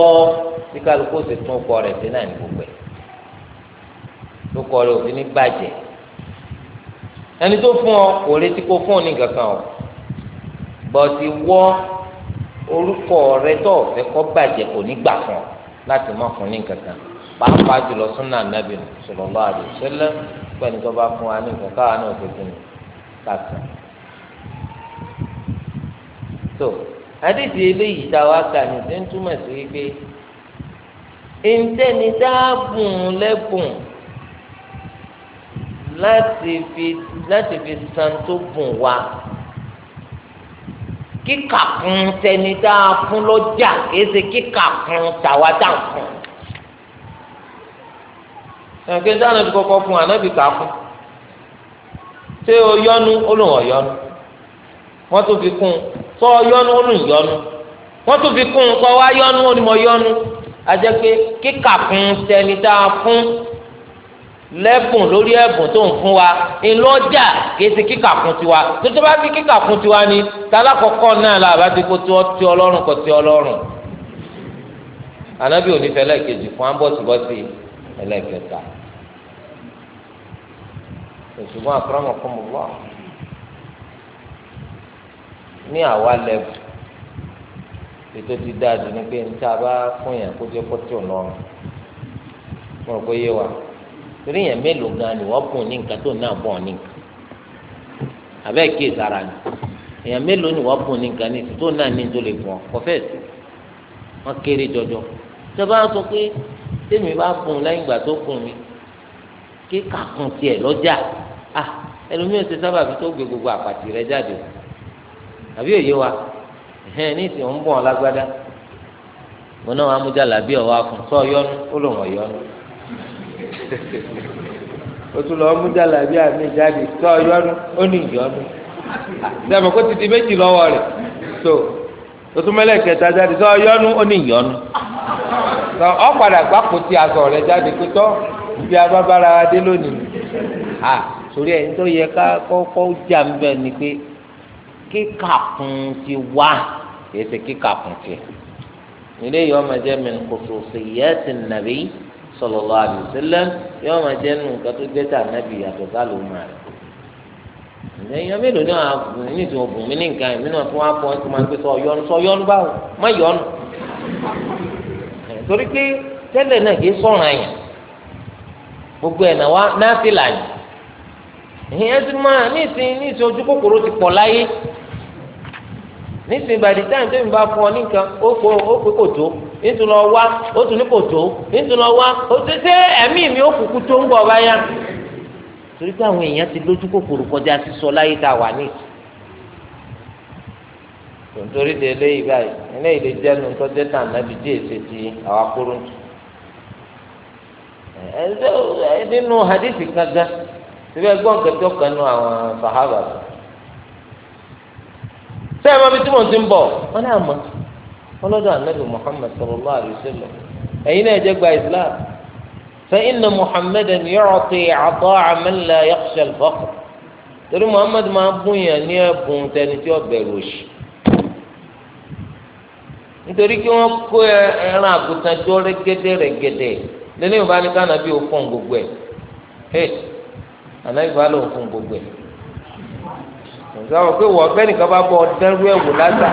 tí kálukú sì tún ọkọ rẹ̀ sí náà ní gbogbo ẹ̀ lókọ rẹ̀ òfin ní bàjẹ́ ẹni tó fún ọ kò retí kó fún ọ ní kankan o bọ́tí wọ́ orúkọ rẹ̀ tó ọ̀fẹ́ kọ́ bàjẹ́ kò ní gbà fún ọ láti má fún ní kankan pàápàá jùlọ súnà nàbì sallallahu alaihi wasallam pẹ̀lú tó bá fún wa ní nǹkan káwa náà tó dín ní kàtà. tó àdìsí eléyìí tá a wá kà ní ṣe ń túmọ̀ sí wípé ìǹtẹ́ni dáàbùn lẹ́bùn láti fi láti fi san tó bùn wa kíkà fún tẹni dáa lọ́jà kìí ṣe kíkà fún tàwa dáa ẹnìkan tí anabi kọkọ fún anabi kà fún ṣé o yọnu olùwọ yọnu wọn tún fi kún sọ yọnu olùwọ yọnu wọn tún fi kún sọ wá yọnu onímọ yọnu ajẹ́ pé kíkà fún tẹni tá a fún lẹ́bùn lórí ẹ̀bùn tó ń fún wa ńlọ́jà kéde kíkà fún tiwa tó bá fi kíkà fún tiwa ni tálákọ̀ọ́kọ́ náà la àbá ti kó tí ọlọ́run kò tí ọlọ́run ànábì onífẹ́lẹ́ kejì fún ambọ̀tìbọ̀tì ẹlẹ́kẹta òṣùgbọ́n àkọ́rọ́mọkọ́mọ́wá ní àwa lẹ́bù ètò ti dáa dùn ní pé níta bá fún yàn kó jẹ́ pọ́tò lọ́rùn mo rò pé yé wa torí yàn mélòó gan ni wọ́n bùn ní nǹkan tó náà bọ̀ ní nǹkan àbẹ́ kí ìsara ni èèyàn mélòó ni wọ́n bùn ní nǹkan ní tó náà ní tó lè bùn ọ wọ́n kéré jọjọ ìjọba sọ pé tèmi bá kùn lẹ́yìn ìgbà tó kùn mi kíkà kùn tiẹ̀ lọ́jà à ah, ẹlòmíràn ti sábà fi tó gbé gbogbo àpàtì rẹ̀ jáde àbí òye wa ẹ̀hẹ́n ní ìsìn òun bọ̀ ọ́ lágbádá mo náà wàá mú jàlá bí ọ̀wá kùn sọ yọnu ó lòun ọ̀yọ́nu otu lọ mú jàlá bí àmì jáde tó ọyọnu ó ní ìyọnu sẹmọ kó ti di méjì lọ́wọ́ rẹ̀ tó otu mẹlẹ kẹta jáde tó ọyọnu ó ní ìyọnu sọ ọ padà gbá kòtì aṣọ rẹ jáde pé tọ́ ibi abábára adé lónìí à sórí ẹ̀ tó yẹ ká kọ́kọ́ jà ń bẹ̀ ni pé kíkà kún ti wá kìí ṣe kíkà kún tiẹ̀ ilé yìí ọmọ jẹ́ min khususiyyati nàbí sallallahu alaihi wasallam yóò máa jẹ́ nù nǹkan tó jẹ́ tà nàbí yàtọ̀ sálò máa rẹ̀ èèyàn mélòó ni àwọn ní ìsìn ògùn mi ní nǹkan ẹ̀mí náà tí wọ́n á fọ́ tó máa ń pè sọ ọ̀yọ́nu sọ ọ̀yọ́nu báwo má yọ̀ọ́nu torí pé tẹ́lẹ̀ náà kì í sọ̀rọ̀ àyàn gbogbo ẹ̀ náà náà sì là yìí ìyẹn ti máa níìsín níìsín ojú ti pọ̀ láyé by the time tẹ́mi bá fún ọ nìkan ó ó pé kò tó nítorí lọ wá ó tún ní kò tó nítorí lọ wá ó ti ṣe ẹ̀mí mi ó kúkú tó ń bọ̀ báyà torí pé àwọn èèyàn ti lójú kòkòrò kọjá láyé tòǹtòrí de eléyìí báyìí eléyìí lè jẹ́ nu tó dé tàn nábì díẹ̀ ṣe ti àwọn akóró ntù nínú hadithi kankan síbẹ̀ gbọ́n kẹtọ́ kan nu àwọn sahaba sẹ́yìn máa fi tí mò ń ti ń bọ̀ wọ́n náà mọ̀ ọlọ́dọ̀ anabi muhammed sallallahu alayhi wa sallam ẹ̀yin náà jẹ́ gba islam fẹ́yìnà muhammed yọ̀ọ̀tì àtọ́ àmàlà yọ̀ṣẹ̀ fọ́kù torí muhammed máa bùn yàn ní ẹ̀bùn tẹni tí ó bẹ̀rù òṣì. nítorí kí wọ́n kó ẹran àgùntàn jọ rẹ́gẹ́dẹ́ rẹ́gẹ́dẹ́ lẹ́nu ìbá ní ká nàbí òfin gbogbo ẹ̀ ànábì bá lòun fún gbogbo ẹ̀ nǹkan pé wọ́n nìkan bá ọ̀dẹ́rú lásà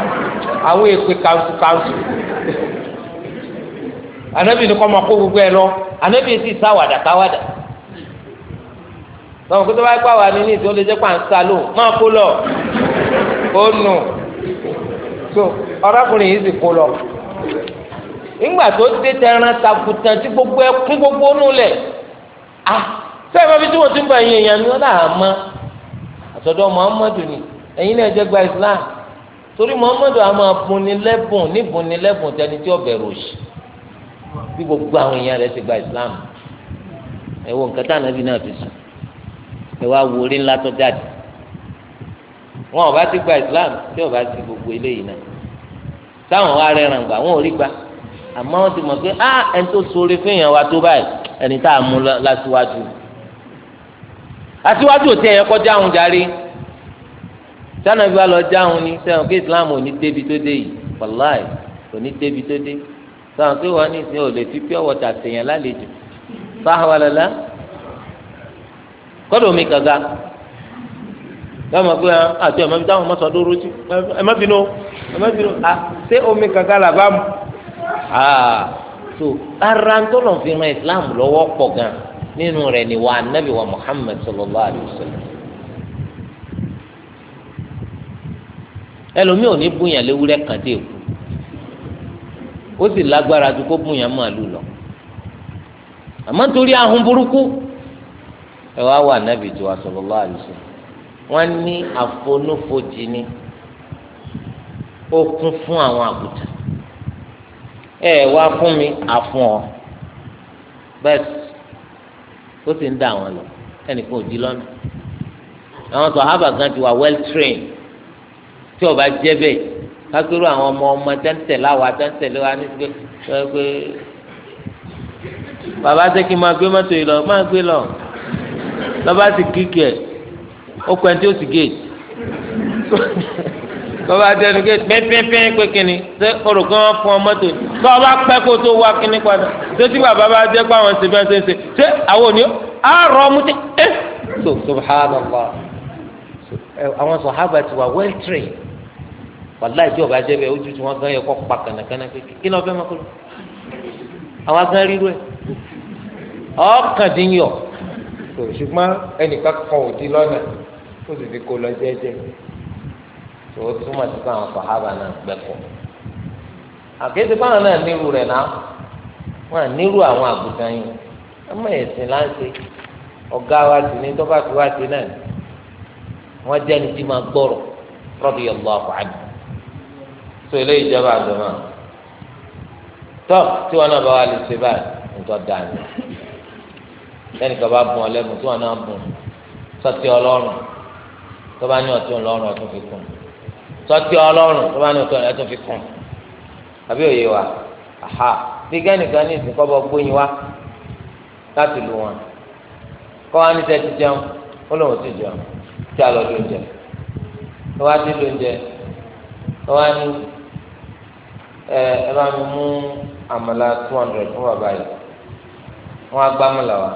àwọn èpè kanṣu kanṣu ànábì kọ́ máa kó gbogbo ẹ̀ so ọ̀rọ̀kùnrin yìí sì kó lọ nígbà tó dé tẹran takutan tí gbogbo ẹ gbogbo nù lẹ̀ ah sẹ́yìn bàbá tí wọ́n ti ń bọ̀ ẹ̀yìn èèyàn ni wọ́n náà Muhammadu ni ẹ̀yin náà gba Islam torí Muhammadu a máa bunni lẹ́bùn níbunni lẹ́bùn tẹni tí ọbẹ̀ rò sí bí gbogbo àwọn gba Islam náà sùn orí wọn ò bá ti gba islam tí ò bá ti gbogbo eléyìí náà táwọn wá rẹran gbà wọn ò rí gbà àmọ́ wọ́n ti mọ̀ pé á ẹni tó ṣoore fẹ́yàn wa tó báyìí ẹni tá a mú láṣíwájú aṣíwájú ò tiẹ̀ yẹ kọjá òun járe sani bí wàá lọ jáhùn ni sẹ́wọ̀n kí islam ò ní débi tó dé yìí wàláì ò ní débi tó dé sẹ́wọ̀n kí wọ́n ní ìsìn ò lè fi pure water sèyàn lálejò sáà wà lọ́la kọ́dọ̀ mi kàga lọ́mọ pé ah, àti ọmọ mi táwọn ọmọ sọdún rú sí ẹ má bínú ẹ má bínú à ah, ṣé omi kankan là bá mu àà ah, tó ara ń tọ́lọ̀ fi ran Islam lọ́wọ́ pọ̀ gan nínú rẹ̀ ni wà nábì wa Muhammad sallallahu alayhi wa sallam ẹlòmíì ò ní bùyàn léwúrẹ́ kan dé èkó ó sì lágbára ju kó bùyàn màálù lọ àmọ́ nítorí ahun burúkú ẹ wá wà nábì tó wa sallallahu alayhi wa sallam wọ́n ní àfonúfojì ni ó kún fún àwọn àgùntàn ẹ wá fún mi àfún ọ bẹ́ẹ̀ ó sì ń dá àwọn lọ ẹnìkan ò di lọ́nà àwọn sọ̀hábà gan ti wà well trained tí ó bá jẹ́ bẹ́ẹ̀ kákérò àwọn ọmọ ọmọ tẹ́ńtẹ̀ láwa tẹ́ńtẹ̀ ló ní pé pé bàbá sẹ́kì máa gbé mọ́tò yìí lọ máa gbé lọ lọ́ba sì kíkì ẹ̀ ó kọ ẹni tí ó sì géètì tọ́ba dẹnu géètì pínpínpín pé kínní ṣé orò kí wọ́n fún ọ mọ́tò tọ́ba pẹ́ kó tó wá kínní padà ṣé tí bàbá bá jẹ́ pé àwọn ṣèbí ẹ̀ṣẹ̀ ṣe ṣé àwọn òní àárọ̀ ọmú tí ẹ́ so subhanallah àwọn sọ̀hábà ti wà well trained wàláì tí ọba jẹ́ bẹ́ẹ̀ ojú tí wọ́n gan yẹ kọ́ pa kànákànná pé kí ni wọ́n fẹ́ máa kọ́ lọ àwọn agán rírú ẹ̀ ọ̀kàndínyọ̀ ṣùgbọ́n ẹnìkan kan ò lọ́nà ó sì fi kó lọ jẹ́jẹ́ tó o túmọ̀ sí pé àwọn sàhábà náà gbẹ́kọ̀ àkéde báwọn náà nírú rẹ̀ náà wọn à nírú àwọn àgùntàn yìí ọmọ ẹ̀sìn láǹṣe ọ̀gá wa sì ní tó bá wá sí náà wọ́n jẹ́ tí máa gbọ́rọ̀ radiyallahu anhu tó eléyìí jọba àgbọ̀mọ́ tọ́ tí wọn náà bá wà lè ṣe báyìí nǹkan dáa ni lẹ́nìkan bá bùn ọ lẹ́nu tí wọn náà bùn sọ́tì ọlọ́run tó bá ní ọtún lọ́rùn ọtún fi kún tọ́tí ọlọ́run tó bá ní ọtún ẹtún fi kún àbí òye wa aha bí gánìkan ní ìsìnkọ́ bọ́ gbóyin wá láti lu wọn kọ́ wa ní sẹ́ẹ̀tì jẹun ó lóun ti jẹun tí a lọ lóun jẹ tó wá dé lóun jẹ tó wá ní ẹ ẹ bá mi mú àmàlà two hundred fún bàbá yìí wọn á gbá àmàlà wa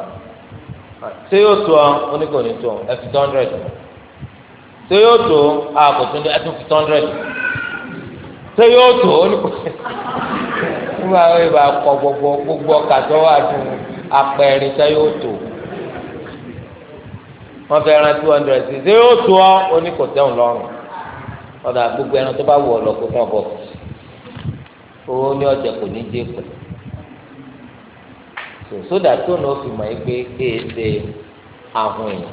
ṣé yóò tó ọ oníkò ní tó ẹ fi two hundred se yóò tó a tó ń dé ẹtún fi tọ́ndrẹ́dì ṣé yóò tó ó ah, ní kò sí. nígbà wo ìbá kọ gbogbo gbogbo kàtó wà fún apẹ̀rẹ̀ ṣé yóò tó wọ́n fẹ́ ran two hundred sí ṣé yóò tó ọ́ o ní kò tẹ́hùn lọ́rùn ọ̀dà gbogbo ẹran tó bá wù ọ́ lọ kó tán bọ̀ owó ní ọ̀jẹ̀ kò ní jẹ́ pẹ̀ sòsódà tó náà fi mọ̀ ẹ́ pé kéèké ahùn èèyàn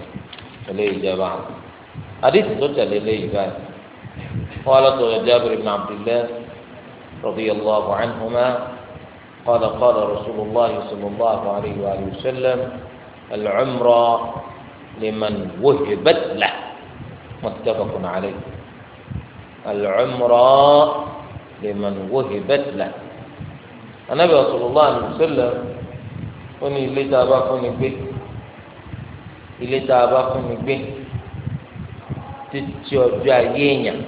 ẹlẹ́yìí jẹba àwọn àdìsí tó tẹ̀lé lẹ́yìn báyìí wọ́n alọ́tọ̀ rẹ̀ jábìrì ibn abdullah radiyallahu anhuma qala qala rasulillah sallallahu alayhi wa sallam al-umra liman wuhibat lah muttafaqun alayhi al-umra liman wuhibat lah anabi sallallahu alayhi wa sallam ó ní ilé tá a bá fún ni gbé ilé tá a bá fún ni gbé títí ọjọ́ ayé èèyàn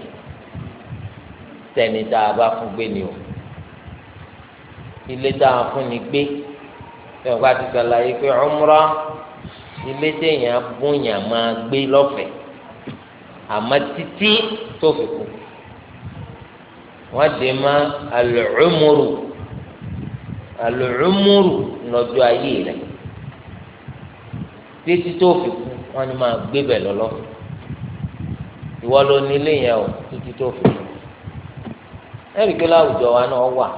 tẹni tá a bá fún gbé ni o ilé tá a fún ni gbé tẹ̀wọ́n bá ti sàlàyé pé ọmúra ilé téèyàn bóyá máa gbé lọ́fẹ̀ẹ́ àmọ́ títí tó fi kú wọ́n dè má alùmùrù alùmùrù lọ́jọ́ ayé rẹ̀ títí tó fi kú wọ́n ni máa gbé bẹ̀ lọ́lọ́fẹ̀ẹ́. ìwọ ló ní ilé yẹn o títí tó fi ẹ̀rí pé láwùjọ wa náà wà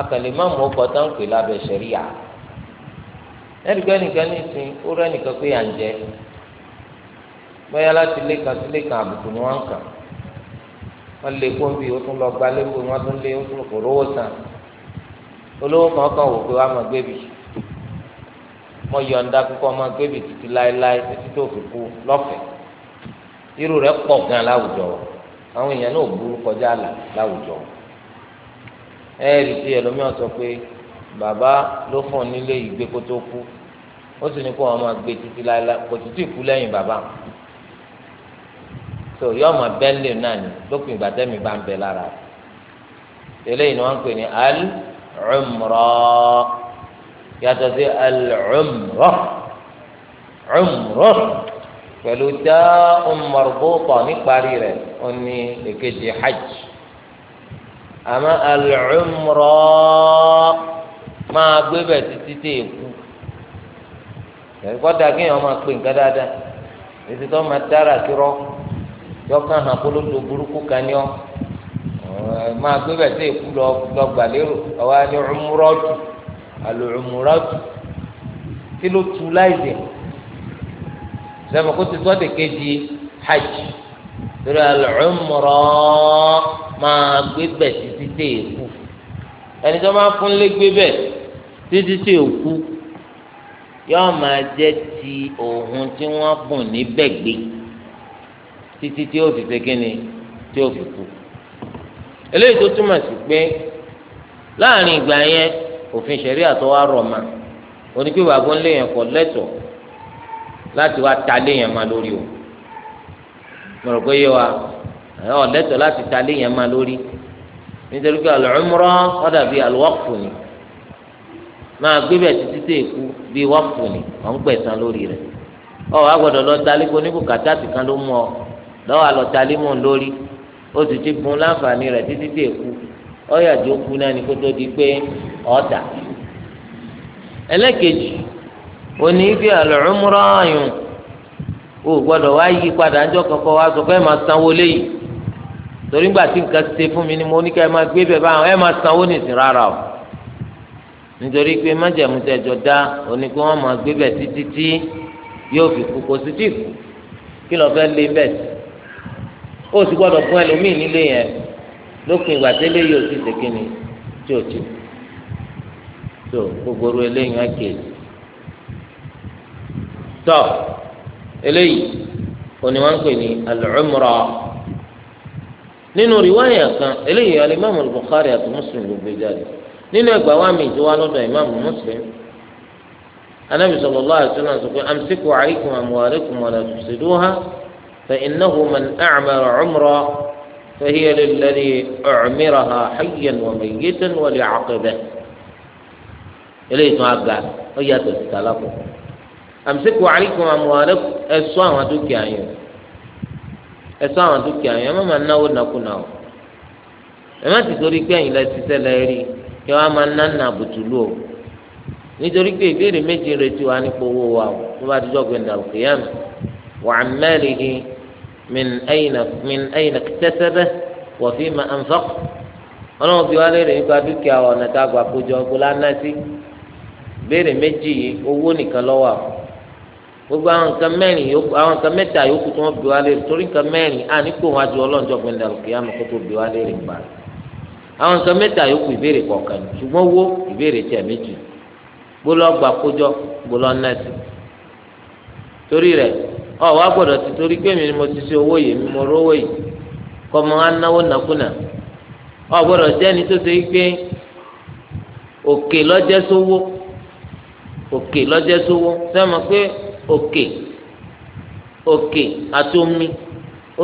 akànlẹ̀ má mú ọkọ̀ tán pè lábẹ́ sẹ̀ríyà pé nìkan ní ìsìn ó rẹ́ nìkan pé à ń jẹ bóyá láti ilé kan sí ilé kan àbùkù ni wọ́n ń wọ́n ó tún lọ gba lẹ́kọ̀ọ́ wọ́n tún lé ó tún kò san irú rẹ̀ pọ̀ gan láwùjọ àwọn èèyàn náà burú kọjá àlà láwùjọ ẹ rí i ẹlòmíràn sọ pé bàbá ló fún un nílé ìgbé kó tó kú ó sì ní kó wọn máa gbé títí láéláé kò títí kú lẹ́yìn bàbá tó yọ ọmọ bẹ́ńlẹ̀ náà ni lópin ìgbà tẹ́mi bá ń bẹ lára eléyìí ni wọ́n ń pè ní al-umra yàtọ̀ sí al-umra umra pẹ̀lú dáhùn um mọ̀rùbọ́tọ̀ níparí rẹ̀ ó ní èkejì hajj àmọ́ al-umra máa gbé bẹ̀ títí tẹ̀ kú ẹ̀kọ́ta kí èèyàn máa pè nǹkan dáadáa èsì tó máa dára kírọ́ yọkàn hàn kó ló do burúkú kan ní ọ máa gbé bẹ̀ tẹ̀ kú lọ gbà lérò ọ̀wá ni umratu al-umratu kí ló tu láì dẹ̀ sẹ́mi kó ti tọ́ de kejì hajj torí al-umra máa gbé bẹ̀ títí tẹ̀ èkú ẹni tó máa fún lé gbé bẹ̀ títí tẹ̀ èkú yóò máa jẹ́ ti òun tí wọ́n bùn níbẹ̀ gbé títí tí ó fi ṣe kí ni tí ó fi kú eléyìí tó túmọ̀ sí pé láàrin ìgbà yẹn òfin ṣẹ̀rí àtọwárọ̀ ma onípìwàgbọ́n lè yẹn kọ́ lẹ́tọ̀ọ́ láti wá ta léèyàn máa lórí o mo pé yé wa láti ta léèyàn máa lórí nítorí pé al-umrah ó dà ni máa gbé bẹ̀ títí tó lórí rẹ̀ ọ̀ wá gbọ́dọ̀ lọ ta kó níbo kàtàtì kan ló mú ọ lọ́wọ́ àlọ́ lórí ó sì ti láǹfààní rẹ̀ títí ọ̀yà tó òní bí àlùmúrọ̀ o gbọ́dọ̀ wá yí padà ńjọ́ kankan wá sọ pé máa sanwó léyìí torí gbà tí nǹkan ṣe fún mi ni mo ní ká ẹ máa gbé bẹ̀ báwọn ẹ máa sanwó nìsín o nítorí pé dá òní pé máa gbé títí tí yóò fi kú kó sí tí kú kí lọ lé sì fún ẹlòmíì nílé tọ eléyìí òní wọn ń pè ní al-umra nínú riwaya kan eléyìí alimami Bukhari àti Muslim ló gbé jáde nínú ẹgbàá wa mi ìjọba lọ́dọ̀ imaamu Muslim anabi sallallahu alaihi wasallam sọ pé amsiku alaykum amwalakum wa la tufsiduha fa innahu man a'mara umra fa hiya lilladhi u'miraha wa mayyitan wa li'aqibihi eléyìí tún aga ó yàtọ̀ sí tàlákùkù àmísẹ́kù àríkùn àmúhàrẹ́ ẹ̀sọ́ àwọn dúkìá yẹn ẹ̀sọ́ àwọn dúkìá yẹn ẹ má máa náwó nàkúnà o ẹ má ti torí pé ẹ̀yin lẹ ṣiṣẹ́ lẹ rí kí wọ́n á máa ná nà bùtùlù o nítorí pé ìbéèrè méjì ń retí wa nípa owó wa o tó bá dijọ́ pé ndàlù kìyàm wà á mẹ́rin hi min ẹ̀yin kẹsẹ́bẹ́ wà fi ma ànfọ́k ọlọ́run fi wá léèrè nípa dúkìá ọ̀nà tá a gbà kójọ ọgbó gbogbo àwọn nǹkan mẹ́rin yòókù àwọn nǹkan mẹ́ta yòókù tí wọ́n bí wá léèrè torí nǹkan mẹ́rin à ní kó wọn adu ọlọ́njọ́ gbẹ̀ndà kó tó wá gbà àwọn nǹkan mẹ́ta yòókù ìbéèrè kọ̀ọ̀kan ṣùgbọ́n wo ìbéèrè méjì gbólọ́ gba gbólọ́ nẹ́ẹ̀sì torí ọ wá ti torí pé mi ni mo ti ṣe owó yìí mi mo rówó yìí kọ́ ọ òkè òkè àti omi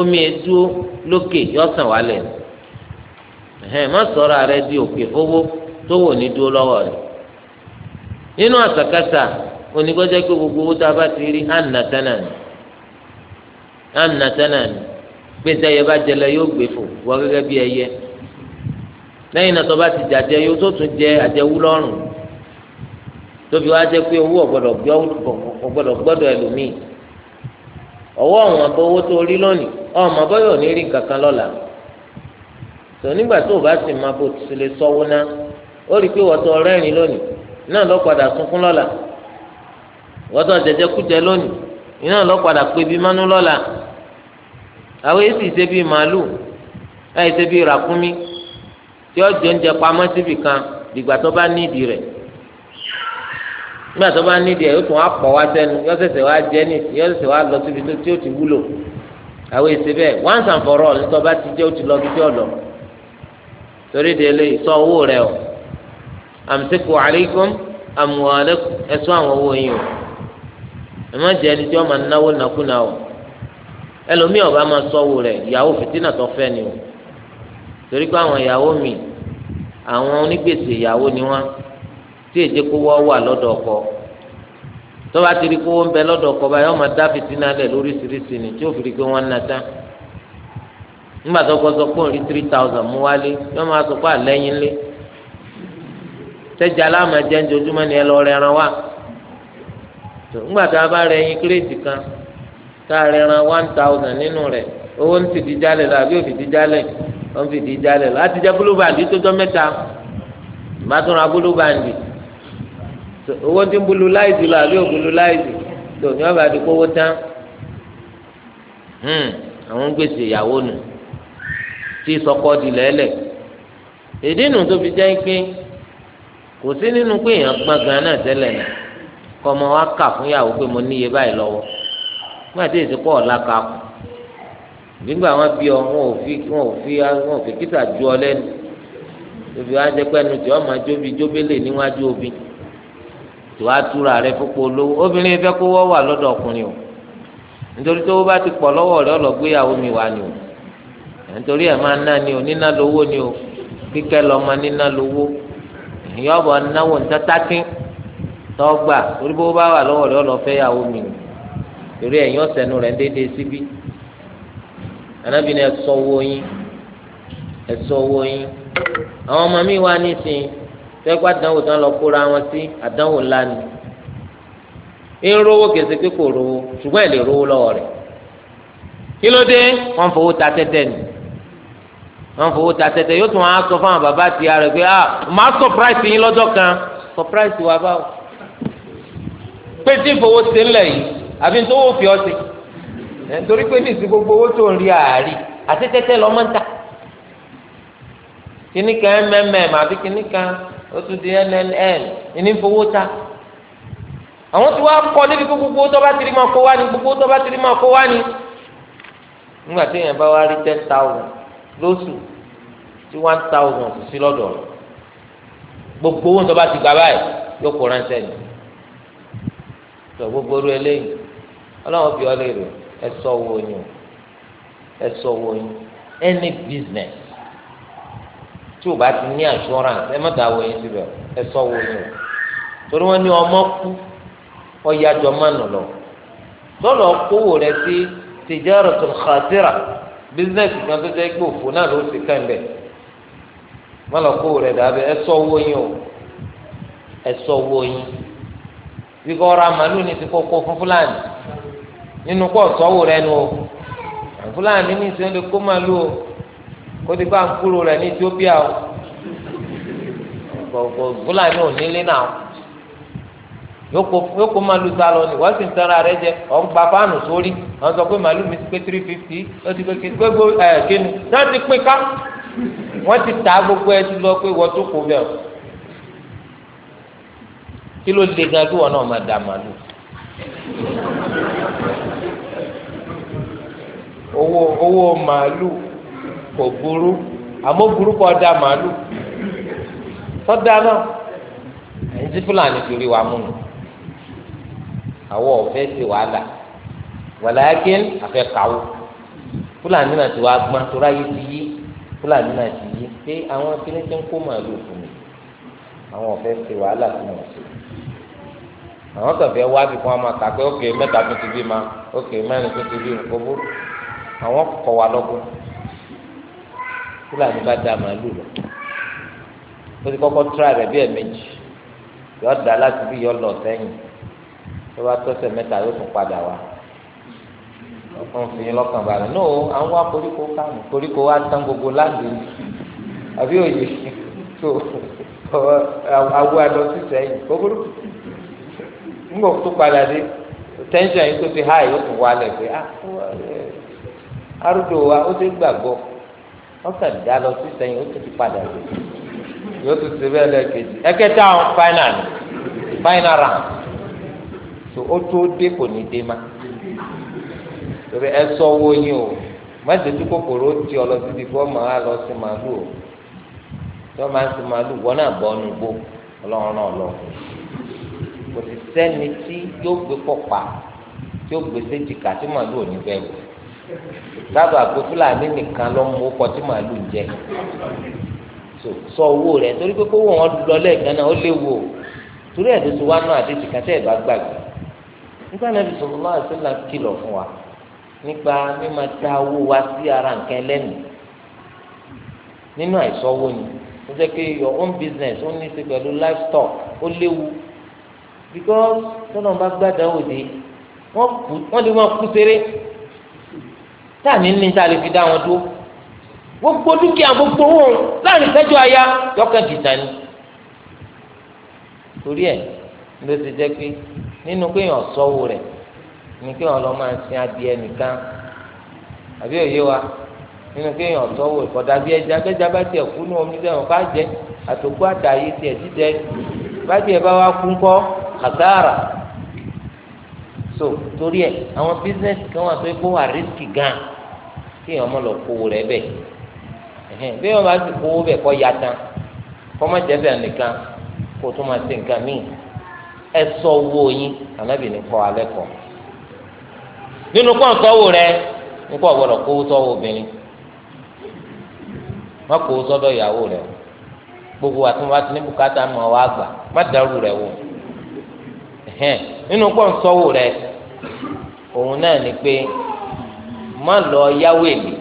omi èdúró lókè yọ sàn wálẹ̀ ẹ̀hẹ́n má sọ̀rọ̀ rẹ di òkè fowó tó wò ní dúró lọ́wọ́ rẹ̀ nínú àsàkásà onígbọ́jẹ́ pé gbogbo owó tá a bá ti rí ànàtánà ni ànàtánà ni gbèsè ẹyẹ bá jẹlẹ yóò gbé fò wọ gẹ́gẹ́ bí ẹyẹ lẹ́yìn náà tó bá ti jàjẹ yóò tó tún jẹ àjẹwú tóbi wá jẹ́ pé owó ọ̀gbọ́dọ̀ gbọ́ ọ̀gbọ́dọ̀ gbọ́dọ̀ ẹlòmíì ọwọ́ àwọn ọ̀bọ owó tó rí lónìí ọmọ bọ́yọ̀ ní rí nǹkan kan tó nígbà tó o bá sì máa bó ti lè sọ́wọ́ ná ó rí pé wọ́tọ̀ rẹ́rìn lónìí náà lọ́ sunkún lọ́la wọ́tọ̀ jẹjẹ kújẹ lónìí iná lọ́ padà mánú àwọn èsì ṣe bíi màálù láì ṣe bíi tí ó jẹ nígbà tó bá nídìí ẹ̀ yóò tún wá pọ̀ wá sẹ́nu yóò ṣẹ̀ṣẹ̀ wá jẹ́ ní yóò ṣẹ̀ṣẹ̀ wá lọ síbi tí ó ti wúlò àwọn èsì bẹ́ẹ̀ once and for all nítorí bá ti jẹ́ ó ti lọ bí tí ọ̀dọ̀ torí délé sọ owó rẹ o àmísíkù àríkùn àmùhàlẹ́ ẹ̀sùn àwọn owó yìí o ẹ̀ má jẹ́ ẹni tí wọ́n máa náwó nàkúnà o ẹlòmíì ọba máa sọ owó rẹ ìyàwó fìtínà tó fẹ́ ni o torí pé àwọn ìyàwó mi àwọn onígbèsè ìyàwó ni wọ́n. tí èjẹ kó wọ́ wà lọ́dọ̀ ọkọ tọ́ba ti rí kówó ń bẹ lọ́dọ̀ ọkọ báyọ̀ máa dá fìtínà lẹ̀ lóríṣiríṣi ni tí ó fi rí pé wọ́n ń na tán nígbà tó kọ́ sọ pé òun rí three thousand mú wálé yọ́ máa sọ pé àlẹ́yìn lé tẹ́jà aláàmà jẹ́ ojoojúmọ́ ni ẹ lọ rẹ ẹran wá nígbà tá a bá rẹ ẹyin kírètì kan tá rẹ ẹran one thousand nínú rẹ̀ owó ń fìdí jálẹ̀ lọ àbí òfìdí jálẹ̀ ó ń fìdí jálẹ̀ lọ àtijọ́ búlúbàndì tó jọ mẹ́ta ìbátúrà búlúbàndì owó tí ń bulu láìsí lọ àbí òbulu láìsí tó ní ọba àdìpọ̀ owó tán hmm, àwọn gbèsè ìyàwó nù tí sọkọ di lẹ́lẹ̀ èdè nù tó fi jẹ́ pé kò sí nínú pé èèyàn gbọ́n gan náà tẹ́lẹ̀ náà kọ́ ọmọ wa kà fún ìyàwó pé mo níye báyìí lọ́wọ́ fún àti ìsìnkú ọ̀la ka kù nígbà wọn bí ọ wọn ò fi wọn ò fi wọn ò fi kíta ju ọ lẹ́nu òbí wa jẹ́ pẹ́nu tí ọmọ ajóbi jóbélé níwájú obìnrin ìwà túra rẹ fúnpọ̀ olówó obìnrin ìfẹ́ kó wọ́ wà lọ́dọ̀ ọkùnrin o nítorí tó bá ti pọ̀ lọ́wọ́ rẹ ọlọ́gbéyàwó mi wà ni o nítorí ẹ̀ máa ná ni o níná lówó ni o kíkẹ́ lọ́mọ níná lówó ìyọ́bọ̀ náwó níta tọ́gbà torí bó bá wà lọ́wọ́ rẹ mi torí ẹ̀yìn rẹ̀ déédéé síbí anábìnrin ẹ̀sọ́ owó ẹ̀sọ́ àwọn ọmọ mi nísìnyí tẹ́gbà dánwò tán lọ kóra wọn sí àdánwò ńlá ni ń rówó kèsì pé kò rówó ṣùgbọ́n ẹ̀ lè rówó lọ́wọ́ rẹ̀ kí ló dé wọ́n fowó ta tẹ́tẹ́ ni wọ́n fowó ta tẹ́tẹ́ yóò tún wọn sọ fáwọn bàbá àti ìyá rẹ̀ pé ah màá surprise yín lọ́jọ́ kan surprise wà báwo pé tí fowó ṣe ńlẹ̀ yìí àbí tó wò fi ọ́ sí nítorí pé ní ìsìn gbogbo owó tó ń rí àárí àti tẹ́tẹ́ lọ́mọ́ ń ta kíníkan mẹ́mẹ́ màbí kíníkan ó tún di nnl ìní fowó ta àwọn tí wàá kọ níbi gbogbo tó bá tiri máa kó wá ní gbogbo tó bá tiri máa kó wá ní. nígbà tí èèyàn bá wá rí ten thousand lóṣù tí one thousand sì sí lọ́dọ̀ rẹ̀ gbogbo owó tó bá ti gbà báyìí yóò kó ránṣẹ́ ni sọ gbogbo orí eléyìí ọlọ́run fi ọ lè rò ẹ sọ owó yín ẹ sọ owó yín any business tí o bá ti ní assurance ẹ má ta wo yín síbẹ̀ ẹ sọ wo yín o torí wọn ní ọmọ kú ọyàjọ mánu lọ lọ́lọ́ kówó rẹ sí tijaratun khatira bísíǹsì kan tó jẹ́ pé òfò náà ló ti kàn bẹ̀ má lọ kówó rẹ dàbẹ̀ ẹ sọ wo yín o ẹ sọ wo yín bíkọ́ ọ̀rọ̀ àmàlù ní ti kókó fún fúlàní nínú kó ọ̀sọ́wò rẹ nu o fúlàní ní ìsẹ́ńdẹ̀ kó màlúù o ó ti bá ń kúrò rẹ̀ ní Ethiopia o gbogbo fúlàní ò nílé náà yóò kó màlúù sá lọ ní wọ́n sì ń tẹ́ra rẹ jẹ ọ̀ ń gba fáànù sórí wọ́n sọ pé màlúù mi ti pé three fifty ó ti pé gbogbo ẹ̀ kíni náà ti pín ká wọ́n ti ta gbogbo ẹ ti lọ pé wọ́n tó kó bẹ́ẹ̀ kí ló le gan kí wọn náà máa da màlúù owó màlúù kò burú àmọ́ burú kọ́ da màálù sọ́dà náà ẹ̀yìn tí fúlàní torí wa mú nù àwọn ọ̀fẹ́ ti wàhálà wàlàákín àfẹ́ kàwó fúlàní náà ti wá gbọ́n tó ráyé ti yí fúlàní náà ti yí pé àwọn akíní ti ń kó màálù fún mi àwọn ọ̀fẹ́ ti wàhálà fún wọn sí àwọn kẹfẹ wá bí fún wa máa kà pé ókè mẹ́ta tó ti bí ma ókè mẹ́rin tó ti bí ma kó àwọn kọ̀ wá lọ́gbọ́n fúlàní bá da màálù lọ ó ti kọ́kọ́ tíra rẹ̀ bí ẹ̀mejì yọ da láti bí yọ lọ sẹ́yìn tó bá tọ́sẹ̀ mẹ́ta yóò tún padà wá ọkàn fi lọ́kàn balẹ̀ no àwọn wá koríko kánù koríko wá tán gbogbo láǹdì àbí òye tó awọ àlọ sí sẹ́yìn gbogbo ńgbọ̀ tó padà dé tẹ́ńsán yìí tó ti háì yóò tún wálẹ̀ pé ah, eh, arúgbó wa ó ti gbàgbọ́. wọ́n kàn dá lọ sí sẹ́yìn ó tún ti padà dé yóò tún ṣe bẹ́ẹ̀ lẹ́ẹ̀kejì ẹ̀kẹta àwọn final final round tó ó tó dé kò ní dé má yín o kòkòrò ti ọ lọ síbi fún ọmọ wa sí màálù o tí wọ́n máa ń sin màálù wọ́n náà bọ́ ọ́nù gbó ọlọ́run náà lọ kò sì sẹ́ni tí yóò gbé pọ̀ pa tí dábàá pé fúlàní nìkan ló ń mú ọkọ tí màálù ń jẹ sọ owó rẹ torí pé kówó wọn lọ lẹ́ẹ̀kan náà ó léwu o torí ẹ̀ tó ti wá náà àti tìkátẹ́ ẹ̀ bá gbàgbé nígbà náà bìsọ̀ lọ́wọ́ àti sọ́là kìlọ̀ fún wa nípa mímọ dá owó wa sí ara nǹkan ẹlẹ́nu nínú àìsọ́wó ni ó jẹ́ pé your own business ó ní í ṣe pẹ̀lú livestock ó léwu because tọ́nà bá gbàdá òde wọ́n lè wọ́n kú séré sáàní ní sáà lè fi dá wọn dúró gbogbo dúkìá gbogbo owó láàrin ìtẹ́jú aya yọkàn dìtà ni torí ẹ̀ ló ti jẹ́ pé nínú kéèyàn sọ́wọ́ rẹ̀ ní kéèyàn lọ́ máa sin adìẹ nìkan àbí òye wa nínú kéèyàn sọ́wọ́ ìkọ̀dà bí ẹja bẹ́jà bá tiẹ̀ kú ní omi sẹ́wọ̀n bá jẹ àtòkú àtàyè tiẹ̀ jíjẹ bá tiẹ̀ bá wá kú ńkọ́ kàtàrà so torí ẹ̀ àwọn bísíǹsì kan wà tó kó wà rísíkì gan-an kí èèyàn mọ̀ lọ kówó rẹ̀ bẹ̀ bí wọ́n bá sì kówó bẹ̀ k'ọ ya tán kọ́mọ̀jẹ́ bẹ̀ nìkan kó tó máa ṣe nǹkan míì ẹ sọ owó yín ànábì ní kọ́ alẹ́ kọ́ nínú kọ́ńtọ́wò rẹ nípa ọ̀gbọ́dọ̀ kówó sọ́wọ́ obìnrin má kówó sọ́dọ̀ ìyàwó rẹ gbogbo ti ní mọ gbà má dàrú rẹ wò nínú rẹ má lọ yáwó èlé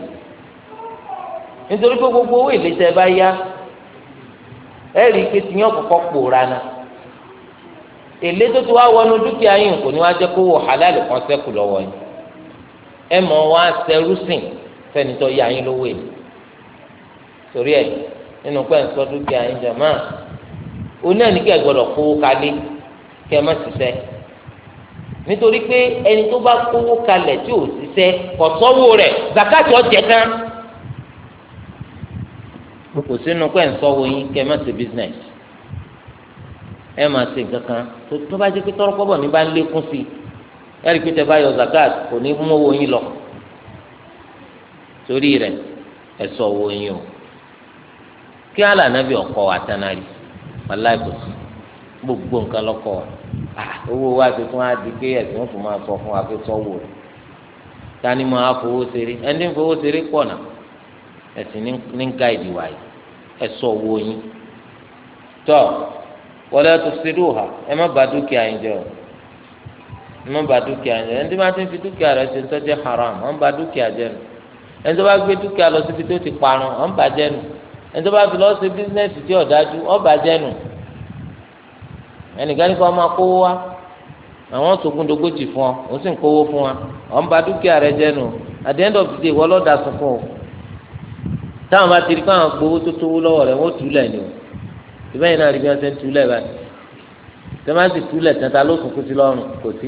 nítorí pé gbogbo owó èlé tẹ bá yá ẹ rí i pé tiyàn èlé tó ti wá wọnú dúkìá yìí kò ní wá jẹ́ kó halal kan ṣẹ́kù lọ́wọ́ yìí ẹ mọ̀ wá sẹ́rú sìn tó yá yín lówó èlé torí ẹ nínú pẹ́ gbọ́dọ̀ kó nítorí pé ẹni tó bá kówó kalẹ̀ tí ò ṣiṣẹ́ kọ̀sọ́wó rẹ̀ zakati ọ̀jẹ̀ tán kò sínú pé ń sọ wọnyí kẹ má ṣe business ẹ má ṣe nǹkan kan tó bá jẹ́ pé tọ́rọ́kọ́bọ̀ ní bá ń lékún sí ẹ rí i pé tẹ bá yọ zakat kò ní mú owó yín lọ torí rẹ̀ ẹ sọ wọnyí o kí alànàbì ọkọ àtànárì wàláì gbogbo nǹkan lọkọ wa Ah, owó wa ti fún wa di fún máa sọ fún wa pé mo á fowó ṣeré ẹni ń fowó ṣeré pọ̀ náà ẹ̀sìn ní ń wa yìí ẹ̀ sọ owó yín tọ́ wọlé tó ṣe dùn ha ẹ má bà dúkìá yín o ẹ má dúkìá yín ẹni tí ti fi haram ọ̀ ń bà dúkìá jẹ́ nu ẹni tó bá gbé dúkìá lọ síbi tó ti parun ọ̀ nu ẹni ẹnìkan ní kó máa kówó wá àwọn sògùndógójì fún ọ òun sì ń kówó fún wa ọ̀n ba dúkìá rẹ jẹ́ nù at the end of the day wọ́n lọ́ọ́ da sunkún o táwọn bá ti rí káwọn gbowó tó tówó lọ́wọ́ rẹ wọ́n túlẹ̀ ni o ìbẹ́ yìí náà rí bí wọ́n ṣe ń túlẹ̀ báyìí tí wọ́n sì túlẹ̀ tán ta ló sùn kú sí lọ́rùn kò sí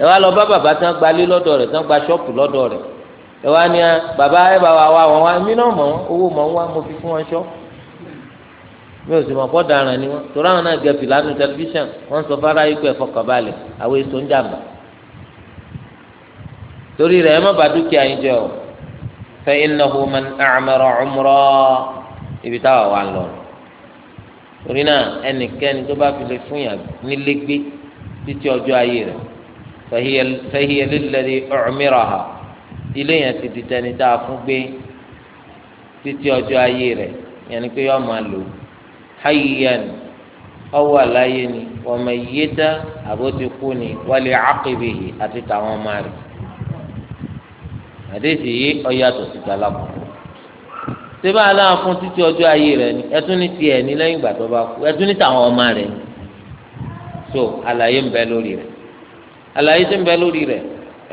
ẹ wá lọ bá bàbá tí wọ́n gba lé lọ́dọ̀ rẹ̀ tí wọ́n gba ṣọ́ọ̀pù lọ́dọ̀ rẹ̀ ẹ wá ní ah, bàbá ẹ bá wa wá wọn wá mí náà mọ̀ owó mọ̀ wá mo fi fún wọn ṣọ́ọ̀pù mi ò sì mọ̀ kọ́ daràn ni wọ́n torí àwọn náà gẹ̀ẹ́fì lánàá tẹlifíṣàn wọ́n sọ fara ikú ẹ̀fọ́ kọ̀balẹ̀ àwọn èso ń jàmbá torí rẹ̀ ẹ má bà dúkìá yín jẹ́ o fa innahu man a'mara 'umra ibi táwa wà lọ torí náà ẹnikẹ́ni tó bá fi lè fún yàn nílé gbé títí ọjọ́ ayé rẹ̀ fa hiya lilladhi u'miraha ilé yẹn ti di tẹni tá a fún gbé títí ọjọ́ ayé rẹ̀ yẹn ni pé yọ hayyan ọwọ́ àlàyé ni wa mayyita àbótikú ni wali aqibihi àti tàwọn ọmọ rẹ̀ àdéhìí yìí ọ̀yàtọ̀ sí gbàlákùn sebe aláwọ fún títí ọjọ́ ayé rẹ̀ ni ẹtún ní tiẹ̀ ní lẹ́yìn ìgbà tó bá kú ẹtún ní tàwọn ọmọ rẹ̀ ni so àlàyé ń bẹ lórí rẹ̀ àlàyé tí ń bẹ lórí rẹ̀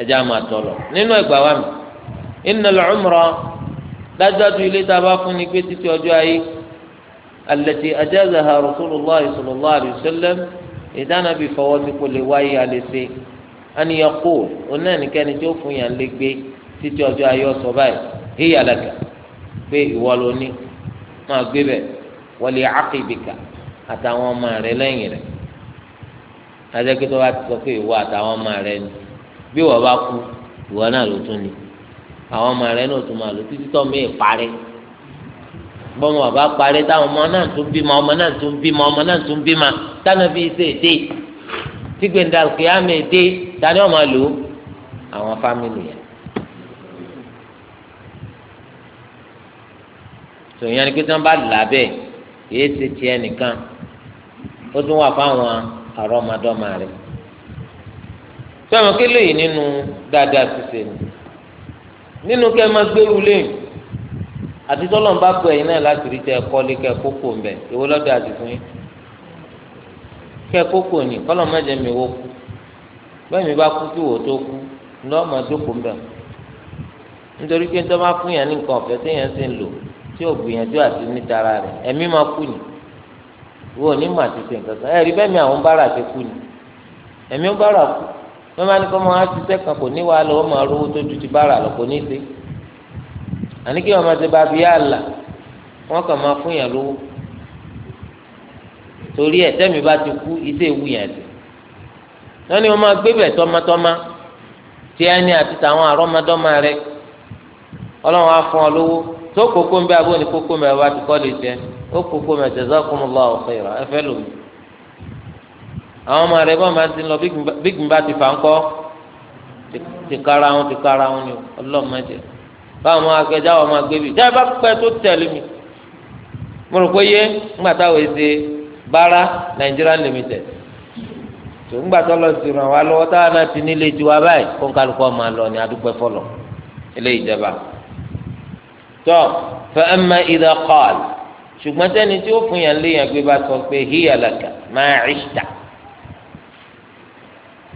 ẹjẹ àmà tọlọ nínú ẹgbà wa mi innal umra dájúdájú ilé tá a bá fún ni pé títí ọjọ́ ayé التي أجازها رسول الله صلى الله عليه وسلم إذا أنا فواتق لواي على سي أن يقول أنني كان يشوف ينلك بي تتوجع يوسف هي لك بي ولوني ما قبل ولعقبك أتاوى ما رلين هذا كده واتقي واتاوى ما رلين bí wọ́n bá kú ìwọ náà ló tún ni àwọn bọ́mọ bàbá parí táwọn ọmọ náà tún bímọ ọmọ náà tún bímọ ọmọ náà tún bímọ táwọn fi ṣe èdè tí gbẹ̀ndà kìámẹ̀ èdè tani ọmọ lò ó àwọn fámìlì yẹn. tòyìn ni pé tí wọ́n bá là bẹ́ẹ̀ kìí ṣe tiẹ̀ nìkan ó tún wà fáwọn àrọ́mọdọ́mọ rẹ̀. sọ̀rọ̀ kí lóye nínú dáadáa ṣiṣẹ́ ni nínú kẹ́ máa gbé wulẹ̀ àti tọ́lọ̀ ń bá pẹ́ ẹ̀yin náà láti rí tẹ ẹ̀kọ́ lé kẹ́ kókò ń bẹ̀ èwo lọ́dọ̀ àti fún yín kẹ́ kókò ní kọ́lọ̀ mẹ́jẹ mi wó kú bẹ́ẹ̀ mi bá kú kí wò tó kú ní ọmọ ìjókòó ń nítorí pé tó bá fún yẹn ní nǹkan ọ̀fẹ́ téèyàn sì ń lò tí ò gbìyànjú àti nítara rẹ̀ ẹ̀mí máa kú ni wo ní mà ti ṣe nǹkan kan ẹ̀rí bẹ́ẹ̀ mi àwọn bára ti kú ni ẹ̀mí ó bára kú wọ́n máa ní kọ́ máa ṣiṣẹ́ kan kò ní wàá lọ àní kí wọn máa ṣe bá bíi àlà wọn kàn máa fún yàn lówó torí ẹ tẹmí bá ti kú iṣẹ ewu yẹn ti wọn ni wọn máa gbébẹ tọmọtọmọ tí a ní àti tàwọn àrọmọdọmọ rẹ Ọlọ́run á fún ọ lówó tó kókó ń bẹ abó ni kókó mẹ wá ti kọ́ lè jẹ ó kókó mẹ jazakumullahu khaira ẹ fẹ́ lòmù àwọn ọmọ rẹ bọ́ọ̀ máa ti lọ bí gbìmbá ti fà ń kọ́ ti wọn ti wọn ni ọlọ́ọ̀ máa jẹ báwọn máa gbẹjà wọn máa gbẹbi jáde bá pẹ́ tó tẹ̀lé mi mo rò pé yé ńgbà táwọn èsè bára Nigeria limited tó ńgbà tó lọ sí ràn wá lọ́wọ́ táwọn náà ti nílé ju wa báyìí kó ń kálukọ́ máa lọ ní adúpẹ́ fọlọ́ ilé ìjọba tó fa amma idha qal ṣùgbọ́n sẹ́ni tí ó fún yàn léyàn gbé bá sọ pé hiya laka ma ishta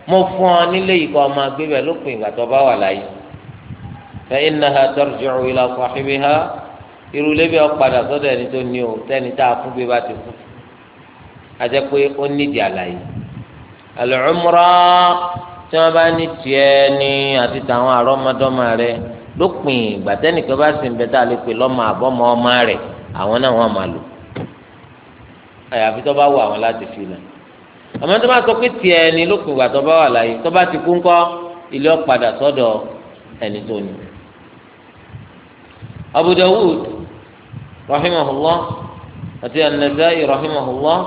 mo fún ọ nílé yìí kọ́ ọ máa gbé bẹ́ẹ̀ lópin ìgbà tó bá wà láyé. فإنها ترجع إلى صاحبها irú lébi ọ̀padà sọ́dọ̀ ẹni tó ní o tẹ́ni tá a fún bí bá ti kú àti pé ó nídìí àlàyé àlùcùmùrà tí wọ́n bá ní tiẹ̀ ní àti tàwọn àrọ́mọdọ́mọ rẹ lópin ìgbà tẹ́nìkan bá sì ń bẹ tá a lè pè lọ́mọ àbọ́mọ ọmọ rẹ àwọn náà wọ́n máa lò àyàfi tó bá wù àwọn láti fi lẹ̀ àmọ́ tó bá sọ pé tiẹ̀ ní lópin ìgbà tó bá wà láyé tó bá ti kú ńkọ́ ilé ọ̀padà sọ́dọ̀ ẹni tó ní. أبو داود رحمه الله أتي النسائي رحمه الله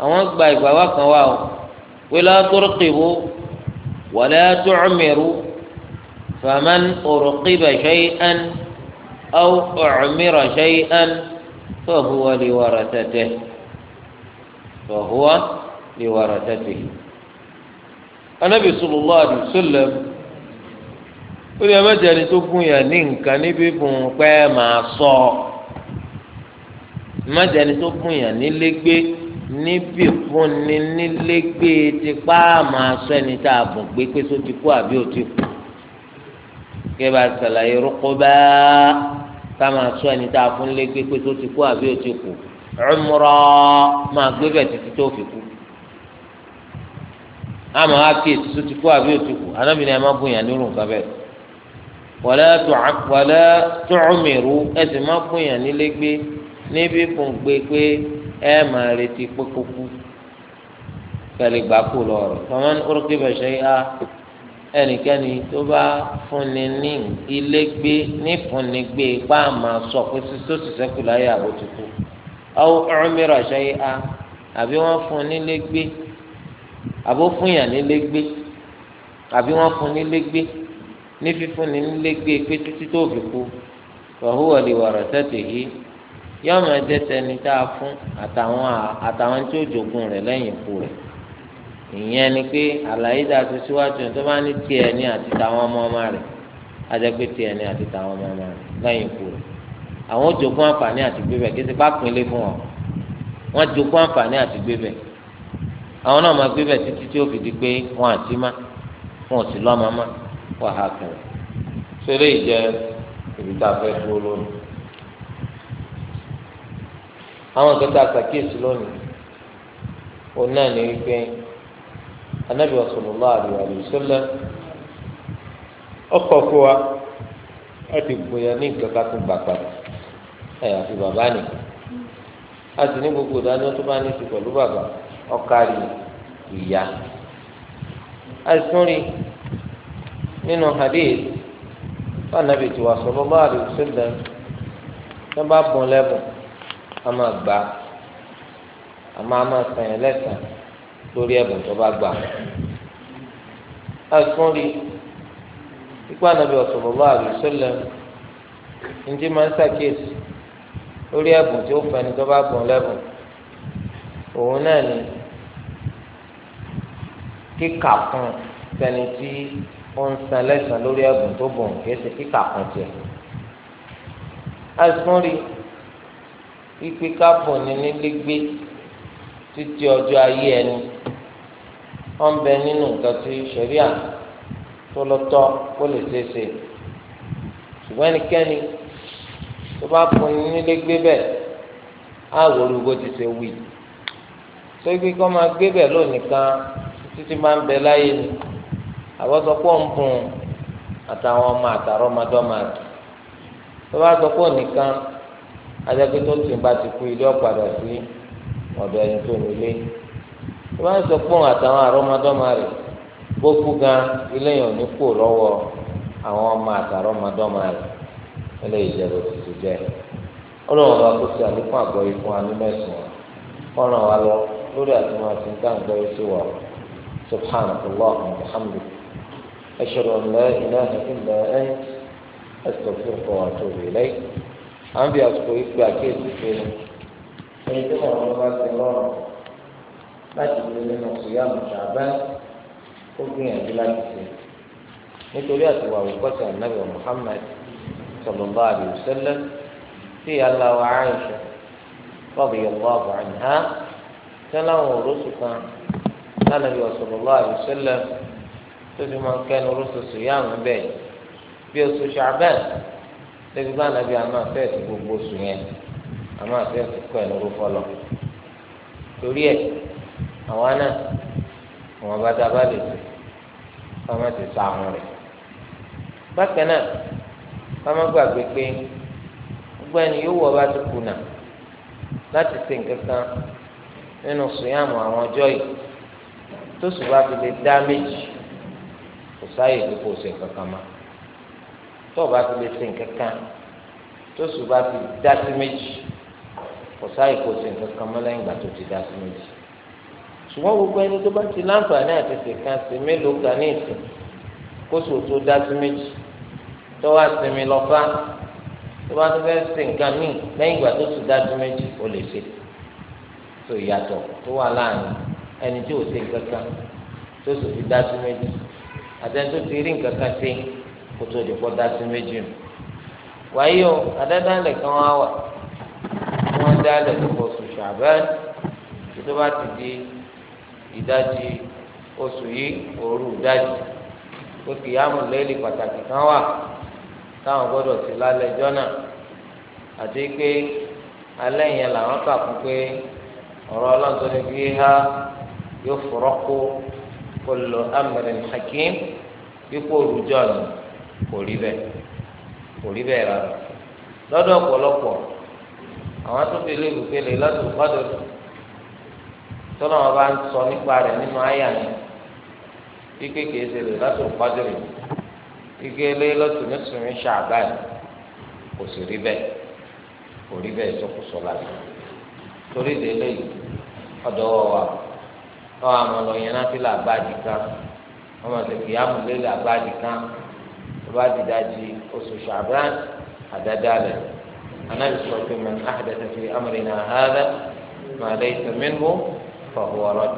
أما بأيك بواك واو ولا ترقبوا ولا تعمروا فمن أرقب شيئا أو أعمر شيئا فهو لورثته فهو لورثته النبي صلى الله عليه وسلم ó ní ẹmẹ́jẹ ni tó fún yàn ní nǹkan níbí fún un pé máa sọ ẹmẹ́jẹ ni tó fún yàn nílé gbé níbí fún ni nílé gbé tipá máa sọ ẹni tá a bùn gbé pé só ti kú àbí ò ti kú kí bá ṣàlàyé rúkú bá ká máa sọ ẹni tá a fún lé gbé pé só kú àbí ò kú umra máa gbé bẹ̀ títí tó fi kú àmọ́ á kí èsì só kú àbí ò kú anábìnrin ẹ má bùn yàn nírú nǹkan bẹ́ẹ̀ wàlá tùcùmìrú ẹ sì má fún yàn nílé gbé níbi fún gbé pé ẹ máa retí kpékpékú kẹlẹ gbà kú lọrọ faman urqiba shay'a ẹnikẹ́ni tó bá fúnni ní ilé gbé nífúnni gbé bá a máa sọ pé sísọ sísẹ kù láyé àbótú kú aw umira shay'a àbí wọ́n fún nílé gbé àbó fún nílé gbé àbí wọ́n fún nílé gbé ní fífúnni nílégbé e pé títí tó fi kú fàhùwà lè wàrà tètè yìí yóò máa jẹ tẹni tá a fún àtàwọn tí ó jogún rẹ̀ lẹ́yìn ikú rẹ̀ ìyẹn ni pé àlàyé dáa ti síwájú tó bá ní tiẹ̀ ní àti tàwọn ọmọ ọmọ rẹ̀ ajẹpẹ tiẹ̀ ní àti tàwọn ọmọ ọmọ rẹ̀ lẹ́yìn ikú rẹ̀ àwọn jogún àǹfààní àti gbébẹ kí n ti bá pinlé fún wọn wọn jogún àǹfààní àti gbébẹ àwọn náà máa gbébẹ títí tí ó fi di pé wọn àti má wọn ò sì lọ́mọ má. wà á kẹrẹ ṣeré ìjẹ ibi tá a fẹ́ dúró lónìí àwọn nǹkan tá a ṣàkíyèsí lónìí òun náà ní wípé anábì sallallahu alaihi wasallam ọkọ fún wa láti gbóyà ní nǹkan ká tún gbà padà àyàfi bàbá nìkan a sì ní gbogbo tó bá ní ti nínú hadith fún anabi tiwa sallallahu alaihi wasallam tó bá bùn lẹ́bùn a máa gbà a máa máa sàn yẹn lẹ́sàn lórí ẹ̀bùn tó bá gbà àìsàn rí ikú anabi sallallahu alaihi wasallam ntí máa ń ṣàkíyèsí lórí ẹ̀bùn tí ó fẹ́ni tó bá bùn lẹ́bùn òun náà ni kíkà fún sẹni tí ó ń san lẹ́sàn lórí ẹ̀bùn tó bùn kìí ṣe kíkà kan tiẹ̀. àìsàn rí pípé kábọ̀n ní nílé gbé títí ọjọ́ ayé ẹni ó ń bẹ nínú nǹkan tí ṣẹ̀ríà tó lọ tọ́ kó lè ṣeé ṣe ṣùgbọ́n ẹnikẹ́ni tó bá fún ní nílé gbé bẹ́ẹ̀ á wò ó bó ti ṣe wí. sọ kọ́ máa gbé bẹ́ẹ̀ lónìí kan títí máa ń bẹ láyé ni. àwọn sọ pé òun bùn àtàwọn ọmọ àtàrọ ọmọdọ́mọ tó bá sọ pé tó tì bá ti kú ilé ọ̀padà sí ọ̀dọ̀ ẹni tó nílé tó bá sọ pé òun àtàwọn àrọ ọmọdọ́mọ rẹ̀ bó kú gan ilé yẹn ò ní kú lọ́wọ́ àwọn ọmọ àtàrọ أشهد أن لا إله إلا أنت أستغفرك وأتوب إليك عم بيأسكويك بأكيد بكيد عندما رمضات الله ما تقول لنا صيام شعبان وكين أجلال كثير نتولي أتوا وقت النبي محمد صلى الله عليه وسلم في الله وعائشة رضي الله عنها تلاه رسكا النبي صلى الله عليه وسلم tó fi máa ń kẹ́nu oríṣiríṣi yá àwọn bẹ́ẹ̀ bí oṣù ṣàbẹ́ẹ̀ lẹ́bi bá nàbí àmọ́ àfẹ́ẹ̀sì gbogbo oṣù yẹn àmọ́ àfẹ́ẹ̀sì kọ́ ẹ̀ lórí fọlọ́ torí ẹ̀ àwa náà àwọn bá dábàá lè sè káwọn ti sa àwọn rẹ̀ bákan náà káwọn gbàgbé pé gbogbo ẹni yóò wọ bá ti kùnà láti ṣe nǹkan kan nínú sùnyàmù àwọn ọjọ́ yìí tó sùn bá fi lè dá méjì kò sáyè pé kò ṣe kankan mọ́ tó o bá ti lè ṣe nǹkankan tó o sì bá ti dá sí méjì kò sáyè kò ṣe nǹkankan mọ́ lẹ́yìn ìgbà tó ti dá sí méjì ṣùgbọ́n gbogbo ẹni tó bá ti láǹfààní àti ṣèkan sí mélòó kan ní ìsìn kó sòó tó dá sí méjì tó wá sinmi lọ́fà tó bá tó fẹ́ ṣe nǹkan míì lẹ́yìn ìgbà tó ti dá sí méjì ó lè ṣe tó yàtọ̀ tó wà láàrin ẹni tí ò ṣe nǹkankan tó sì fi dá sí méjì àtẹni tó ti rí nǹkan kan sí kó tó di pọ́ dá sí méjì nù. wáyé o àdádálẹ̀ kan wá wà wọ́n dálẹ̀ lóko oṣù ṣàbẹ́ẹ̀ tí tó bá ti di ìdajì oṣù yìí òru ìdajì ó sì yáàmù lẹ́lì pàtàkì kan wà táwọn gbọ́dọ̀ sí lálẹ́ ẹjọ́ náà àti pé alẹ́ yẹn làwọn kà fún pé ọ̀rọ̀ ọlọ́run tó ní fi há yóò fọ̀rọ̀ kó kullu amrin hakim kíkó òrùjọ́ ni kò rí bẹ́ẹ̀ kò rí bẹ́ẹ̀ rárá lọ́dọ̀ ọ̀pọ̀lọpọ̀ àwọn tó fi lé ìbùkún lè lọ́dọ̀ gbọ́dọ̀ tọ́lọ́ wọn bá ń sọ nípa rẹ̀ nínú àyà ni kíkẹ́ kìí ṣe lè lọ́dọ̀ gbọ́dọ̀ rẹ̀ kíkẹ́ lé lọ́tọ̀ nísìnyí ṣàbá yìí kò sì rí bẹ́ẹ̀ kò rí bẹ́ẹ̀ sọkùsọ láti torí délé yìí wa ọwọ àmọ lọ yẹn náà fi là bá di kan wọn máa tẹ̀lé kìyàmù lé là bá di kan tó bá di dájí oṣù ṣàbán àdáda rẹ anábì sọ pé man ahdatha fi amrina hadha ma laysa minhu fa huwa radd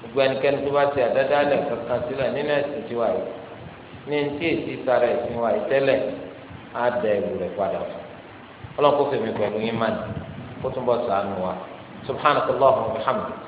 gbogbo ẹnikẹ́ni tó bá ti àdáda rẹ kankan sílẹ̀ nínú ẹ̀sìn tiwa yìí ní ntí èsì sára ẹ̀sìn wa yìí tẹ́lẹ̀ á ẹ̀wù rẹ̀ padà fún pẹ̀lú yín mánì kó túnbọ̀ ṣàánú wa subhanahu wa rahmatulahi.